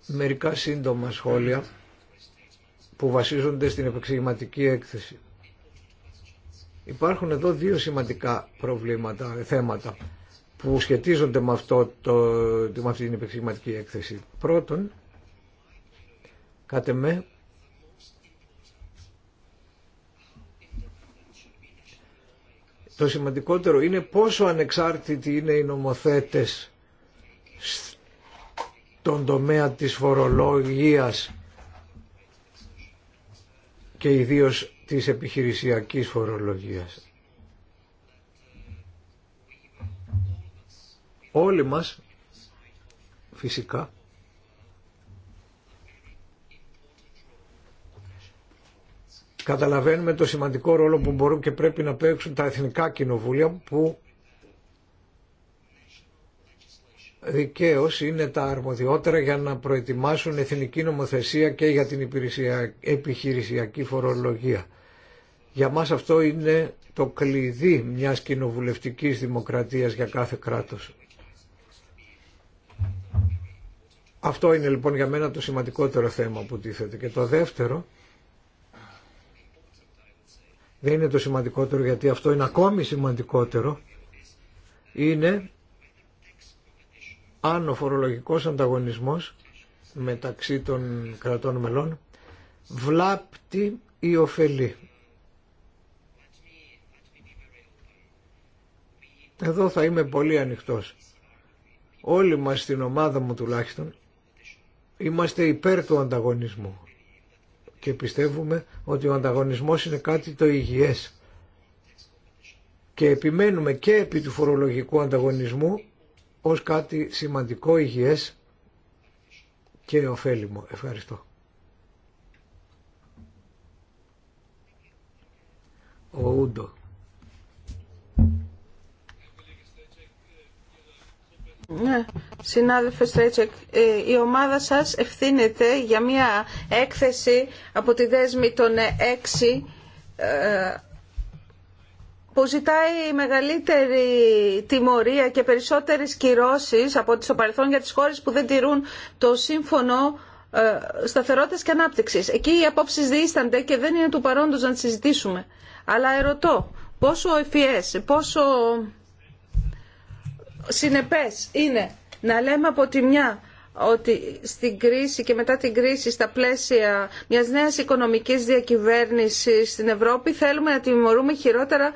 Μερικά σύντομα σχόλια που βασίζονται στην επεξηγηματική έκθεση. Υπάρχουν εδώ δύο σημαντικά προβλήματα, θέματα που σχετίζονται με, αυτό το, με αυτή την επεξηγηματική έκθεση. Πρώτον, κάτε με, Το σημαντικότερο είναι πόσο ανεξάρτητοι είναι οι νομοθέτες στον τομέα της φορολογίας και ιδίως της επιχειρησιακής φορολογίας. Όλοι μας φυσικά καταλαβαίνουμε το σημαντικό ρόλο που μπορούν και πρέπει να παίξουν τα εθνικά κοινοβούλια που δικαίω είναι τα αρμοδιότερα για να προετοιμάσουν εθνική νομοθεσία και για την επιχειρησιακή φορολογία. Για μας αυτό είναι το κλειδί μιας κοινοβουλευτικής δημοκρατίας για κάθε κράτος. Αυτό είναι λοιπόν για μένα το σημαντικότερο θέμα που τίθεται. Και το δεύτερο δεν είναι το σημαντικότερο γιατί αυτό είναι ακόμη σημαντικότερο, είναι αν ο φορολογικός ανταγωνισμός μεταξύ των κρατών μελών βλάπτει ή ωφελεί. Εδώ θα είμαι πολύ ανοιχτός. Όλοι μας στην ομάδα μου τουλάχιστον είμαστε υπέρ του ανταγωνισμού και πιστεύουμε ότι ο ανταγωνισμός είναι κάτι το υγιές και επιμένουμε και επί του φορολογικού ανταγωνισμού ως κάτι σημαντικό, υγιές και ωφέλιμο. Ευχαριστώ. Ο Ούντο. Ναι, συνάδελφε Στρέτσεκ, ε, η ομάδα σας ευθύνεται για μια έκθεση από τη δέσμη των 6 ε, που ζητάει μεγαλύτερη τιμωρία και περισσότερες κυρώσεις από τις παρελθόν για τις χώρες που δεν τηρούν το σύμφωνο ε, σταθερότητας και ανάπτυξης. Εκεί οι απόψεις διήστανται και δεν είναι του παρόντος να τις συζητήσουμε. Αλλά ερωτώ, πόσο ευφυές, πόσο συνεπές είναι να λέμε από τη μια ότι στην κρίση και μετά την κρίση στα πλαίσια μιας νέας οικονομικής διακυβέρνησης στην Ευρώπη θέλουμε να τιμωρούμε χειρότερα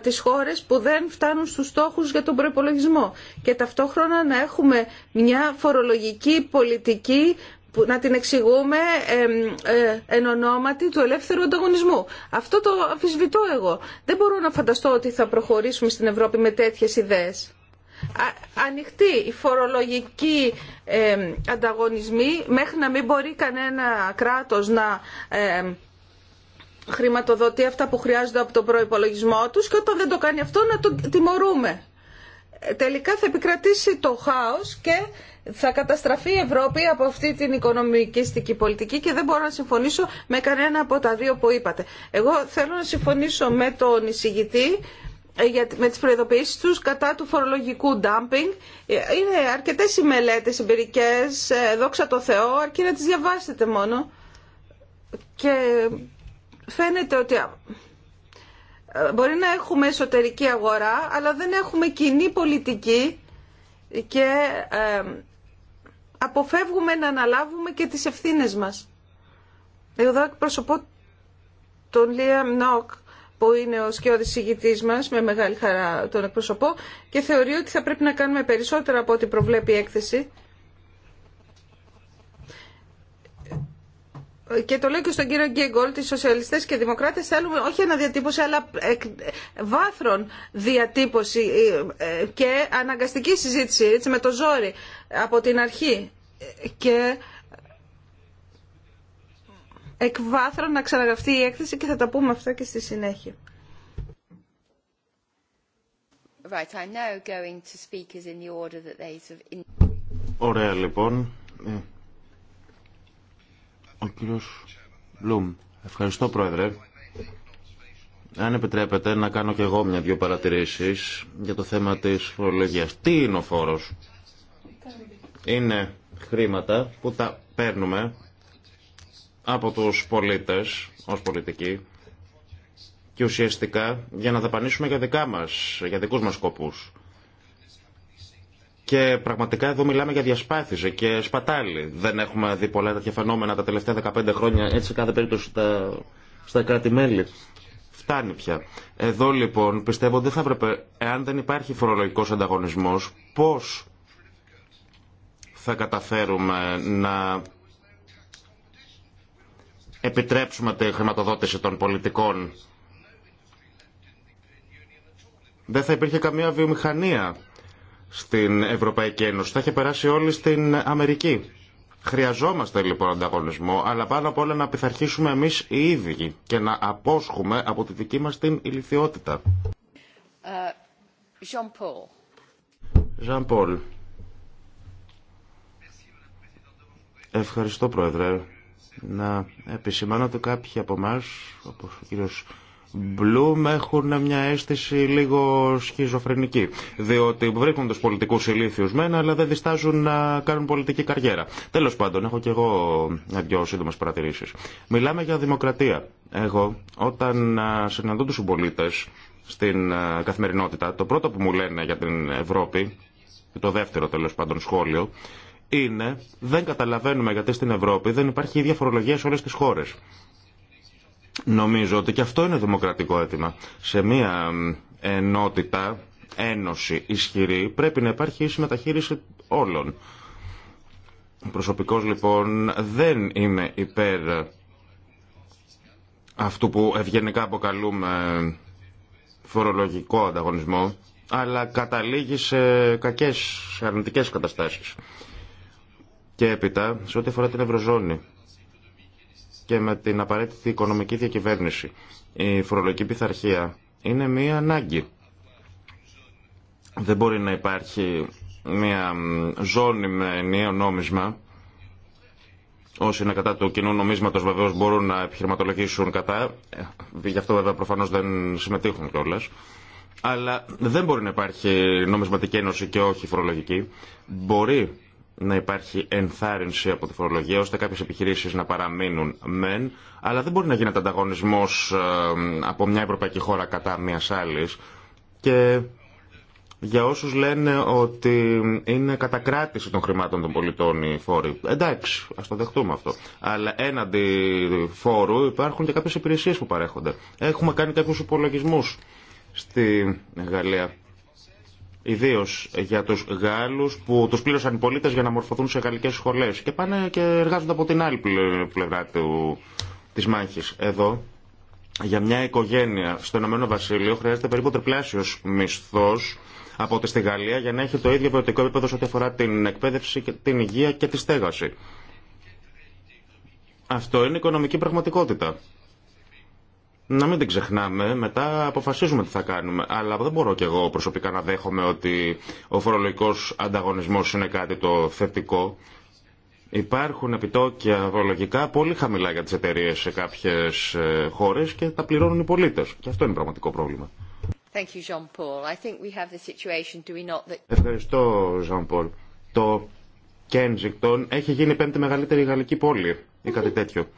τις χώρες που δεν φτάνουν στους στόχους για τον προϋπολογισμό και ταυτόχρονα να έχουμε μια φορολογική πολιτική που να την εξηγούμε ε, ε, εν ονόματι του ελεύθερου ανταγωνισμού. Αυτό το αφισβητώ εγώ. Δεν μπορώ να φανταστώ ότι θα προχωρήσουμε στην Ευρώπη με τέτοιες ιδέες ανοιχτεί η φορολογική ε, ανταγωνισμή μέχρι να μην μπορεί κανένα κράτος να χρηματοδοτεί αυτά που χρειάζονται από τον προϋπολογισμό τους και όταν δεν το κάνει αυτό να το τιμωρούμε. Ε, τελικά θα επικρατήσει το χάος και θα καταστραφεί η Ευρώπη από αυτή την οικονομικιστική πολιτική και δεν μπορώ να συμφωνήσω με κανένα από τα δύο που είπατε. Εγώ θέλω να συμφωνήσω με τον εισηγητή ε, με τις προειδοποιήσεις τους κατά του φορολογικού dumping. Ε, είναι αρκετές οι μελέτες εμπειρικές, ε, δόξα το Θεό αρκεί να τις διαβάσετε μόνο. Και φαίνεται ότι μπορεί να έχουμε εσωτερική αγορά, αλλά δεν έχουμε κοινή πολιτική και αποφεύγουμε να αναλάβουμε και τις ευθύνες μας. εδώ εκπροσωπώ τον Λία Μνόκ, που είναι ο σκιώδης ηγητής μας, με μεγάλη χαρά τον εκπροσωπώ, και θεωρεί ότι θα πρέπει να κάνουμε περισσότερα από ό,τι προβλέπει η έκθεση. και το λέω και στον κύριο Γκίγκολ, οι σοσιαλιστές και δημοκράτε θέλουμε όχι ένα διατύπωση, αλλά βάθρον διατύπωση ε, ε, και αναγκαστική συζήτηση έτσι, με το ζόρι από την αρχή. Και εκβάθρον να ξαναγραφτεί η έκθεση και θα τα πούμε αυτά και στη συνέχεια. Ωραία λοιπόν. Ε, ο κύριος Μπλουμ. Ευχαριστώ πρόεδρε. Αν επιτρέπετε να κάνω και εγώ μια-δυο παρατηρήσεις για το θέμα της φορολογίας. Τι είναι ο φόρος. Είναι χρήματα που τα παίρνουμε από τους πολίτες ως πολιτικοί και ουσιαστικά για να δαπανίσουμε για δικά μας, για δικούς μας σκοπούς. Και πραγματικά εδώ μιλάμε για διασπάθηση και σπατάλη. Δεν έχουμε δει πολλά τέτοια φαινόμενα τα τελευταία 15 χρόνια, έτσι σε κάθε περίπτωση στα, στα κράτη-μέλη. Φτάνει πια. Εδώ λοιπόν πιστεύω δεν θα έπρεπε, εάν δεν υπάρχει φορολογικός ανταγωνισμός, πώς θα καταφέρουμε να επιτρέψουμε τη χρηματοδότηση των πολιτικών. Δεν θα υπήρχε καμία βιομηχανία στην Ευρωπαϊκή Ένωση. Θα είχε περάσει όλοι στην Αμερική. Χρειαζόμαστε λοιπόν ανταγωνισμό, αλλά πάνω απ' όλα να πειθαρχήσουμε εμείς οι ίδιοι και να απόσχουμε από τη δική μας την ηλικιότητα. Ζαν ε, Πολ. Ευχαριστώ, Πρόεδρε να επισημάνω ότι κάποιοι από εμά, όπω ο κύριο Μπλουμ, έχουν μια αίσθηση λίγο σχιζοφρενική. Διότι βρίσκουν του πολιτικού ηλίθιου μένα, αλλά δεν διστάζουν να κάνουν πολιτική καριέρα. Τέλο πάντων, έχω κι εγώ δυο σύντομε παρατηρήσει. Μιλάμε για δημοκρατία. Εγώ, όταν συναντώ του συμπολίτε στην καθημερινότητα, το πρώτο που μου λένε για την Ευρώπη, το δεύτερο τέλο πάντων σχόλιο, είναι δεν καταλαβαίνουμε γιατί στην Ευρώπη δεν υπάρχει ίδια φορολογία σε όλες τις χώρες. Νομίζω ότι και αυτό είναι δημοκρατικό αίτημα. Σε μια ενότητα, ένωση ισχυρή, πρέπει να υπάρχει η μεταχείριση όλων. Ο προσωπικός λοιπόν δεν είναι υπέρ αυτού που ευγενικά αποκαλούμε φορολογικό ανταγωνισμό, αλλά καταλήγει σε κακές αρνητικές καταστάσεις. Και έπειτα, σε ό,τι αφορά την Ευρωζώνη και με την απαραίτητη οικονομική διακυβέρνηση, η φορολογική πειθαρχία είναι μία ανάγκη. Δεν μπορεί να υπάρχει μία ζώνη με νέο νόμισμα. Όσοι είναι κατά του κοινού νομίσματο βεβαίω μπορούν να επιχειρηματολογήσουν κατά. Ε, γι' αυτό βέβαια προφανώ δεν συμμετείχουν κιόλα. Αλλά δεν μπορεί να υπάρχει νομισματική ένωση και όχι φορολογική. Μπορεί να υπάρχει ενθάρρυνση από τη φορολογία ώστε κάποιε επιχειρήσει να παραμείνουν μεν, αλλά δεν μπορεί να γίνεται ανταγωνισμός ε, από μια ευρωπαϊκή χώρα κατά μιας άλλης. Και για όσους λένε ότι είναι κατακράτηση των χρημάτων των πολιτών οι φόροι. Εντάξει, α το δεχτούμε αυτό. Αλλά έναντι φόρου υπάρχουν και κάποιε υπηρεσίε που παρέχονται. Έχουμε κάνει κάποιου υπολογισμούς στη Γαλλία Ιδίω για του Γάλλου που του πλήρωσαν οι πολίτε για να μορφωθούν σε γαλλικέ σχολέ και πάνε και εργάζονται από την άλλη πλευρά τη μάχη. Εδώ, για μια οικογένεια στο Ηνωμένο Βασίλειο, χρειάζεται περίπου τριπλάσιο μισθό από ότι στη Γαλλία για να έχει το ίδιο ποιοτικό επίπεδο σε ό,τι αφορά την εκπαίδευση, την υγεία και τη στέγαση. Αυτό είναι οικονομική πραγματικότητα να μην την ξεχνάμε, μετά αποφασίζουμε τι θα κάνουμε. Αλλά δεν μπορώ κι εγώ προσωπικά να δέχομαι ότι ο φορολογικό ανταγωνισμός είναι κάτι το θετικό. Υπάρχουν επιτόκια φορολογικά πολύ χαμηλά για τις εταιρείε σε κάποιες ε, χώρες και τα πληρώνουν οι πολίτες. Και αυτό είναι πραγματικό πρόβλημα. Ευχαριστώ, Ζαν Πολ. Το Κένζικτον έχει γίνει πέμπτη μεγαλύτερη γαλλική πόλη ή κάτι τέτοιο.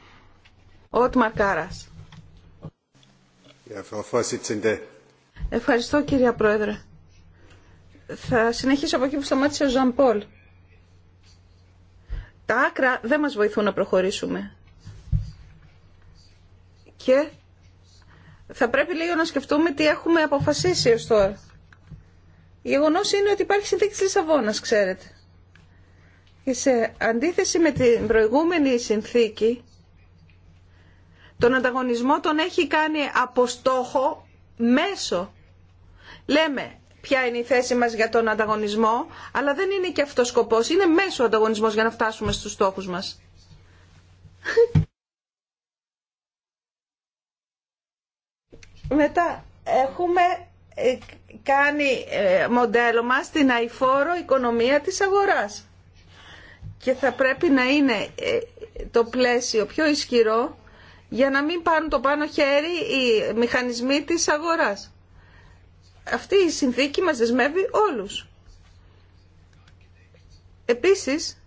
Ότμαρ Κάρας. Ευχαριστώ κύριε Πρόεδρε. Θα συνεχίσω από εκεί που σταμάτησε ο Ζαν Τα άκρα δεν μας βοηθούν να προχωρήσουμε. Και θα πρέπει λίγο να σκεφτούμε τι έχουμε αποφασίσει ως τώρα. Η γεγονό είναι ότι υπάρχει συνθήκη της Λισαβόνας, ξέρετε. Και σε αντίθεση με την προηγούμενη συνθήκη, τον ανταγωνισμό τον έχει κάνει από στόχο μέσο. Λέμε ποια είναι η θέση μας για τον ανταγωνισμό, αλλά δεν είναι και αυτός ο σκοπός. Είναι μέσο ο ανταγωνισμός για να φτάσουμε στους στόχους μας. Μετά έχουμε ε, κάνει ε, μοντέλο μας την αηφόρο οικονομία της αγοράς. Και θα πρέπει να είναι ε, το πλαίσιο πιο ισχυρό για να μην πάρουν το πάνω χέρι οι μηχανισμοί της αγοράς. Αυτή η συνθήκη μας δεσμεύει όλους. Επίσης,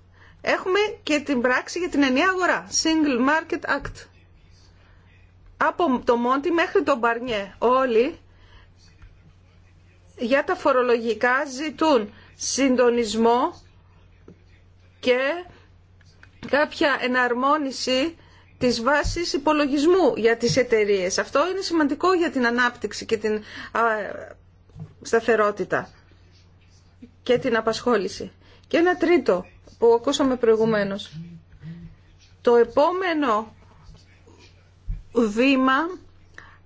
έχουμε και την πράξη για την ενιαία αγορά, Single Market Act. Από το Μόντι μέχρι το Μπαρνιέ, όλοι για τα φορολογικά ζητούν συντονισμό και κάποια εναρμόνιση τις βάσεις υπολογισμού για τις εταιρείες. Αυτό είναι σημαντικό για την ανάπτυξη και την σταθερότητα και την απασχόληση. Και ένα τρίτο που ακούσαμε προηγουμένως. Το επόμενο βήμα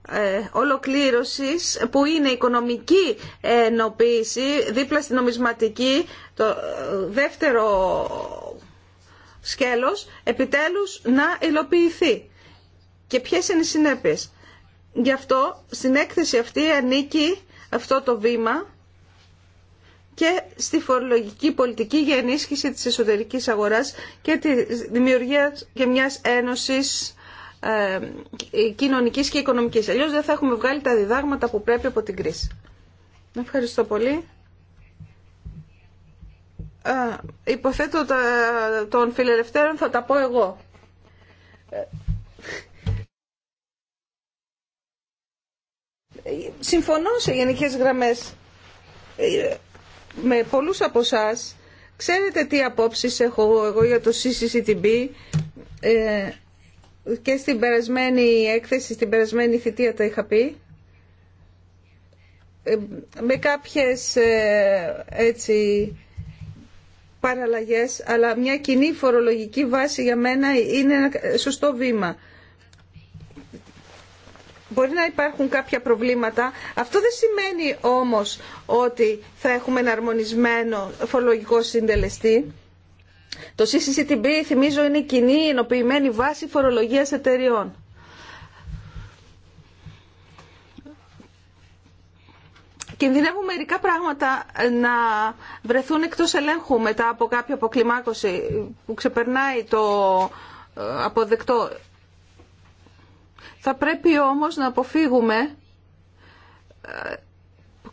ε, ολοκλήρωσης που είναι οικονομική ενοποίηση δίπλα στην νομισματική το ε, δεύτερο σκέλος επιτέλους να υλοποιηθεί. Και ποιες είναι οι συνέπειες. Γι' αυτό στην έκθεση αυτή ανήκει αυτό το βήμα και στη φορολογική πολιτική για ενίσχυση της εσωτερικής αγοράς και τη δημιουργία και μιας ένωσης ε, κοινωνικής και οικονομικής. Αλλιώς δεν θα έχουμε βγάλει τα διδάγματα που πρέπει από την κρίση. Ευχαριστώ πολύ υποθέτω τα, των φιλελευθέρων θα τα πω εγώ. Συμφωνώ σε γενικές γραμμές ε, με πολλούς από εσά. Ξέρετε τι απόψεις έχω εγώ για το CCCTB ε, και στην περασμένη έκθεση, στην περασμένη θητεία τα είχα πει ε, με κάποιες έτσι παραλλαγές, αλλά μια κοινή φορολογική βάση για μένα είναι ένα σωστό βήμα. Μπορεί να υπάρχουν κάποια προβλήματα. Αυτό δεν σημαίνει όμως ότι θα έχουμε ένα αρμονισμένο φορολογικό συντελεστή. Το CCCTB, θυμίζω, είναι κοινή ενοποιημένη βάση φορολογίας εταιριών. κινδυνεύουν μερικά πράγματα να βρεθούν εκτός ελέγχου μετά από κάποια αποκλιμάκωση που ξεπερνάει το ε, αποδεκτό. Θα πρέπει όμως να αποφύγουμε ε,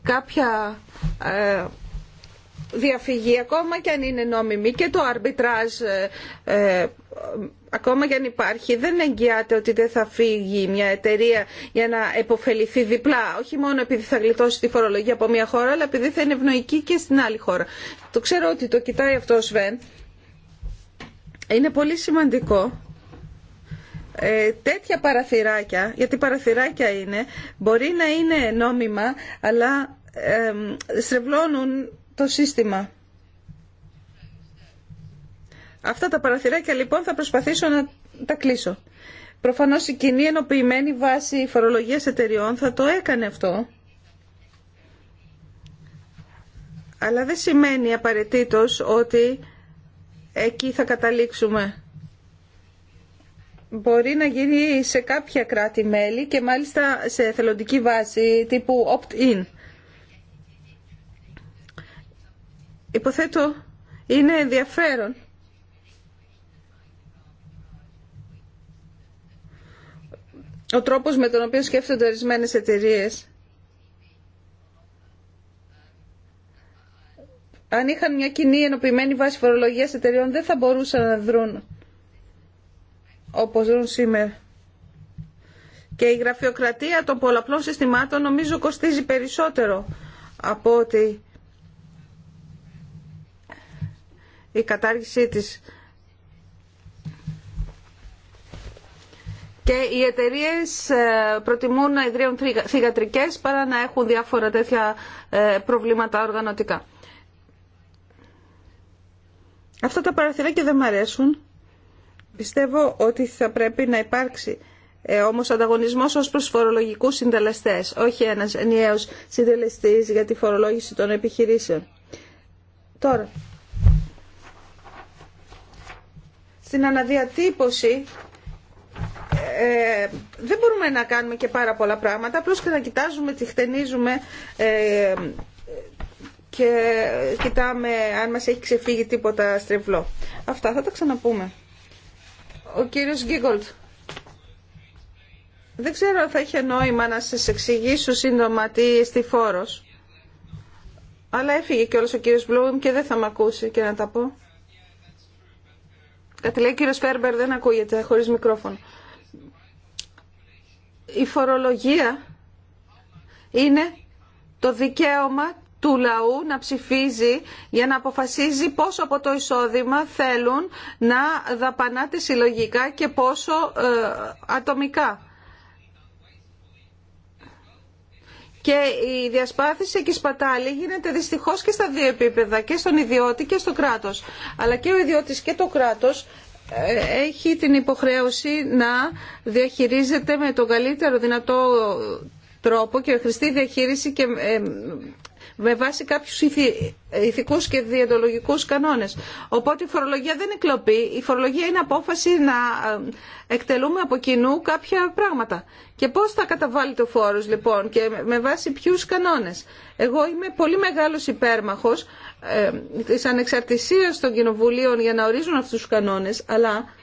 κάποια ε, διαφυγή ακόμα και αν είναι νόμιμη και το αρμπιτράζ ακόμα και αν υπάρχει, δεν εγγυάται ότι δεν θα φύγει μια εταιρεία για να επωφεληθεί διπλά. Όχι μόνο επειδή θα γλιτώσει τη φορολογία από μια χώρα, αλλά επειδή θα είναι ευνοϊκή και στην άλλη χώρα. Το ξέρω ότι το κοιτάει αυτό ο Σβέν. Είναι πολύ σημαντικό ε, τέτοια παραθυράκια, γιατί παραθυράκια είναι, μπορεί να είναι νόμιμα, αλλά ε, στρεβλώνουν το σύστημα. Αυτά τα παραθυράκια λοιπόν θα προσπαθήσω να τα κλείσω. Προφανώ η κοινή ενοποιημένη βάση φορολογία εταιριών θα το έκανε αυτό. Αλλά δεν σημαίνει απαραίτητο ότι εκεί θα καταλήξουμε. Μπορεί να γίνει σε κάποια κράτη-μέλη και μάλιστα σε θελοντικη βαση βάση τύπου opt-in. Υποθέτω είναι ενδιαφέρον ο τρόπος με τον οποίο σκέφτονται ορισμένε εταιρείε. Αν είχαν μια κοινή ενοποιημένη βάση φορολογίας εταιρεών δεν θα μπορούσαν να δρουν όπως δρουν σήμερα. Και η γραφειοκρατία των πολλαπλών συστημάτων νομίζω κοστίζει περισσότερο από ότι η κατάργησή της. Και οι εταιρείε ε, προτιμούν να ιδρύουν θηγατρικές παρά να έχουν διάφορα τέτοια ε, προβλήματα οργανωτικά. Αυτά τα παραθυράκια δεν μ' αρέσουν. Πιστεύω ότι θα πρέπει να υπάρξει ε, όμως ανταγωνισμός ως προς φορολογικούς συντελεστές, όχι ένας ενιαίος συντελεστής για τη φορολόγηση των επιχειρήσεων. Τώρα, στην αναδιατύπωση δεν μπορούμε να κάνουμε και πάρα πολλά πράγματα, απλώς και να κοιτάζουμε, τι χτενίζουμε ε, και κοιτάμε αν μας έχει ξεφύγει τίποτα στρεβλό. Αυτά θα τα ξαναπούμε. Ο κύριος Γκίγκολτ. Δεν ξέρω αν θα είχε νόημα να σας εξηγήσω σύντομα τι στη φόρος. Αλλά έφυγε και όλος ο κύριος Μπλουμ και δεν θα με ακούσει και να τα πω. Κάτι λέει ο κύριος Φέρμπερ δεν ακούγεται χωρίς μικρόφωνο η φορολογία είναι το δικαίωμα του λαού να ψηφίζει για να αποφασίζει πόσο από το εισόδημα θέλουν να δαπανάτε συλλογικά και πόσο ε, ατομικά. Και η διασπάθηση και η σπατάλη γίνεται δυστυχώς και στα δύο επίπεδα, και στον ιδιώτη και στο κράτος. Αλλά και ο ιδιώτης και το κράτος έχει την υποχρέωση να διαχειρίζεται με τον καλύτερο δυνατό τρόπο και χρηστή διαχείριση και ε, με βάση κάποιου ηθι... και διεντολογικούς κανόνες. Οπότε η φορολογία δεν είναι κλοπή. Η φορολογία είναι απόφαση να ε, εκτελούμε από κοινού κάποια πράγματα. Και πώς θα καταβάλει το φόρος λοιπόν και με βάση ποιου κανόνες. Εγώ είμαι πολύ μεγάλος υπέρμαχο ε, της ανεξαρτησίας των κοινοβουλίων για να ορίζουν αυτού του κανόνε, αλλά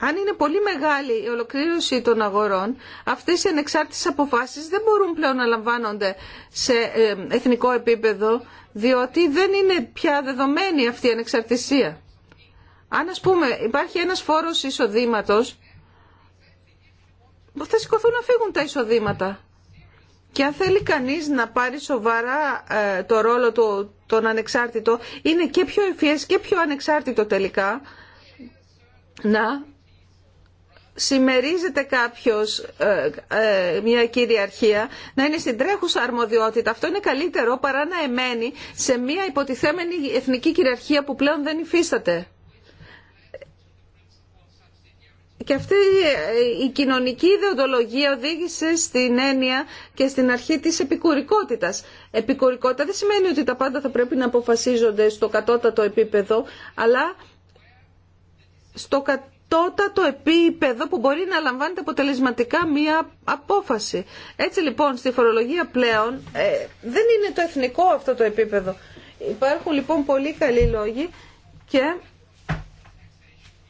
αν είναι πολύ μεγάλη η ολοκλήρωση των αγορών, αυτές οι ανεξάρτητες αποφάσεις δεν μπορούν πλέον να λαμβάνονται σε ε, εθνικό επίπεδο, διότι δεν είναι πια δεδομένη αυτή η ανεξαρτησία. Αν, ας πούμε, υπάρχει ένας φόρος εισοδήματος, θα σηκωθούν να φύγουν τα εισοδήματα. Και αν θέλει κανείς να πάρει σοβαρά ε, το ρόλο του τον ανεξάρτητο, είναι και πιο ευφυές και πιο ανεξάρτητο τελικά να συμμερίζεται κάποιος ε, ε, μια κυριαρχία να είναι στην τρέχουσα αρμοδιότητα. Αυτό είναι καλύτερο παρά να εμένει σε μια υποτιθέμενη εθνική κυριαρχία που πλέον δεν υφίσταται. Και αυτή ε, η κοινωνική ιδεοντολογία οδήγησε στην έννοια και στην αρχή της επικουρικότητας. Επικουρικότητα δεν σημαίνει ότι τα πάντα θα πρέπει να αποφασίζονται στο κατώτατο επίπεδο, αλλά στο κατώτατο το επίπεδο που μπορεί να λαμβάνεται αποτελεσματικά μία απόφαση. Έτσι λοιπόν στη φορολογία πλέον ε, δεν είναι το εθνικό αυτό το επίπεδο. Υπάρχουν λοιπόν πολύ καλοί λόγοι και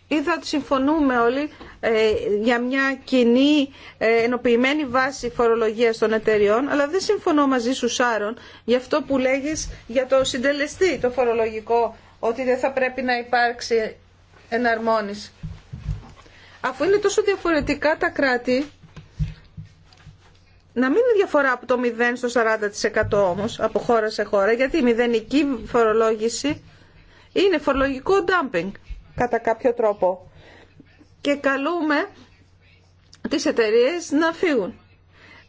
είδα ότι συμφωνούμε όλοι ε, για μια κοινή ε, ενοποιημένη βάση φορολογίας των εταιριών, αλλά δεν συμφωνώ μαζί σου Σάρων για αυτό που λέγεις για το συντελεστή, το φορολογικό, ότι δεν θα πρέπει να υπάρξει εναρμόνιση αφού είναι τόσο διαφορετικά τα κράτη, να μην είναι διαφορά από το 0 στο 40% όμως από χώρα σε χώρα, γιατί η μηδενική φορολόγηση είναι φορολογικό dumping κατά κάποιο τρόπο. Και καλούμε τις εταιρείες να φύγουν.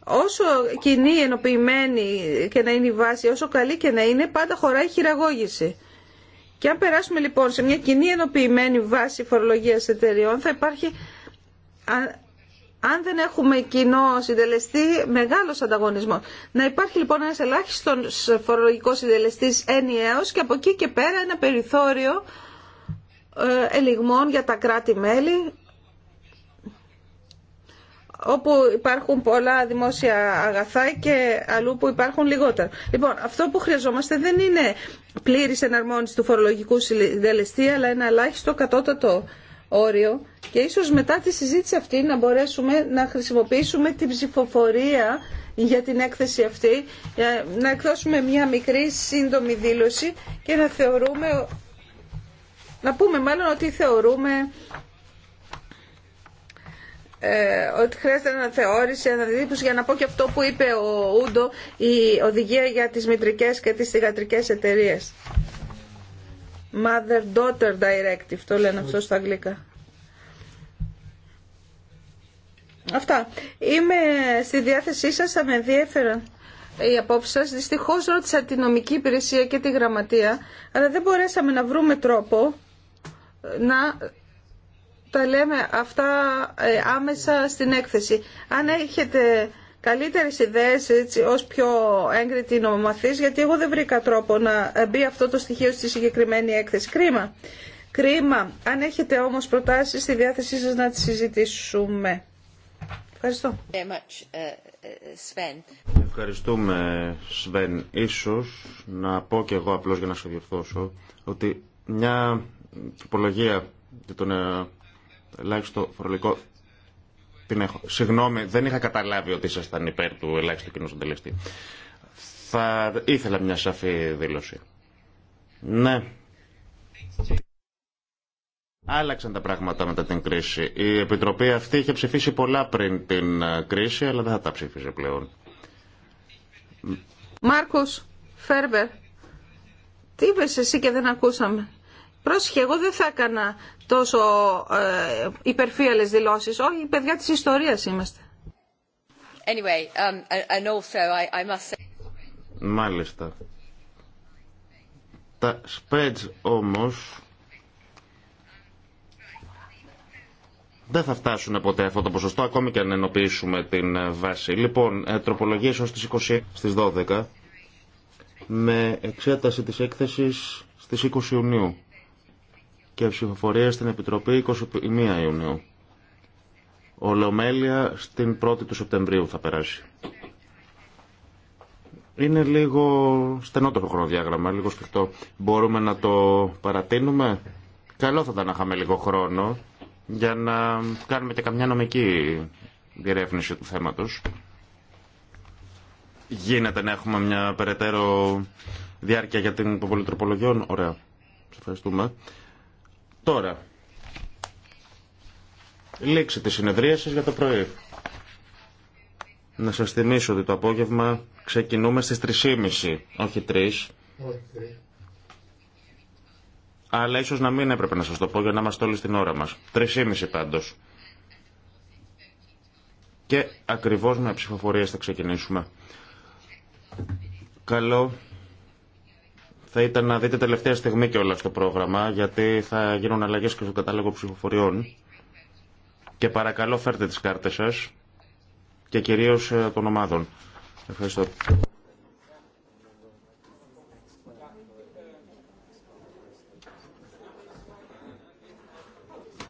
Όσο κοινή, ενοποιημένη και να είναι η βάση, όσο καλή και να είναι, πάντα χωράει χειραγώγηση. Και αν περάσουμε λοιπόν σε μια κοινή ενοποιημένη βάση φορολογίας εταιριών θα υπάρχει, αν δεν έχουμε κοινό συντελεστή, μεγάλος ανταγωνισμός. Να υπάρχει λοιπόν ένας ελάχιστος φορολογικός συντελεστής ενιαίος και από εκεί και πέρα ένα περιθώριο ε, ελιγμών για τα κράτη-μέλη όπου υπάρχουν πολλά δημόσια αγαθά και αλλού που υπάρχουν λιγότερα. Λοιπόν, αυτό που χρειαζόμαστε δεν είναι πλήρης εναρμόνιση του φορολογικού συντελεστή, αλλά ένα ελάχιστο κατώτατο όριο και ίσως μετά τη συζήτηση αυτή να μπορέσουμε να χρησιμοποιήσουμε την ψηφοφορία για την έκθεση αυτή, ε, να εκδώσουμε μια μικρή σύντομη δήλωση και να θεωρούμε, να πούμε μάλλον ότι θεωρούμε ε, ότι χρειάζεται να αναδίπωση για να πω και αυτό που είπε ο Ούντο, η οδηγία για τις μητρικές και τις θηγατρικές εταιρείε. Mother-daughter directive, το λένε αυτό στα αγγλικά. Αυτά. Είμαι στη διάθεσή σας, θα με ενδιέφεραν οι απόψει σας. Δυστυχώς ρώτησα τη νομική υπηρεσία και τη γραμματεία, αλλά δεν μπορέσαμε να βρούμε τρόπο να τα λέμε αυτά ε, άμεσα στην έκθεση. Αν έχετε καλύτερες ιδέες έτσι, ως πιο έγκριτη νομομαθής, γιατί εγώ δεν βρήκα τρόπο να μπει αυτό το στοιχείο στη συγκεκριμένη έκθεση. Κρίμα. Κρίμα. Αν έχετε όμως προτάσεις στη διάθεσή σας να τις συζητήσουμε. Ευχαριστώ. Uh, uh, Ευχαριστούμε, Σβέν. Ίσως να πω και εγώ απλώς για να σε διορθώσω ότι μια τροπολογία για τον ε, ελάχιστο φορολογικό. Την έχω. Συγγνώμη, δεν είχα καταλάβει ότι ήσασταν υπέρ του ελάχιστο κοινού συντελεστή. Θα ήθελα μια σαφή δήλωση. Ναι. Άλλαξαν τα πράγματα μετά την κρίση. Η Επιτροπή αυτή είχε ψηφίσει πολλά πριν την ε, κρίση, αλλά δεν θα τα ψήφιζε πλέον. Μάρκος Φέρβερ, τι είπες εσύ και δεν ακούσαμε. Πρόσεχε, εγώ δεν θα έκανα τόσο ε, υπερφύαλες δηλώσεις. Όλοι παιδιά της ιστορίας είμαστε. Anyway, um, and also I, I must say... Μάλιστα. Τα spreads όμως δεν θα φτάσουν ποτέ αυτό το ποσοστό, ακόμη και αν ενοποιήσουμε την ε, βάση. Λοιπόν, ε, τροπολογίες ως τις 20 στις 12 με εξέταση της έκθεσης στις 20 Ιουνίου και ψηφοφορία στην Επιτροπή 21 Ιουνίου. Ολομέλεια στην 1η του Σεπτεμβρίου θα περάσει. Είναι λίγο στενό το χρονοδιάγραμμα, λίγο σφιχτό. Μπορούμε να το παρατείνουμε. Καλό θα ήταν να είχαμε λίγο χρόνο για να κάνουμε και καμιά νομική διερεύνηση του θέματος. Γίνεται να έχουμε μια περαιτέρω διάρκεια για την υποβολή τροπολογιών. Ωραία. Σας ευχαριστούμε. Τώρα, λήξη της συνεδρίασης για το πρωί. Να σας θυμίσω ότι το απόγευμα ξεκινούμε στις 3.30, όχι 3. Αλλά ίσως να μην έπρεπε να σας το πω για να είμαστε όλοι στην ώρα μας. 3.30 πάντως. Και ακριβώς με ψηφοφορίε θα ξεκινήσουμε. Καλό θα ήταν να δείτε τελευταία στιγμή και όλα στο πρόγραμμα, γιατί θα γίνουν αλλαγές και στο κατάλογο ψηφοφοριών. Και παρακαλώ φέρτε τις κάρτες σας και κυρίως ε, των ομάδων. Ευχαριστώ.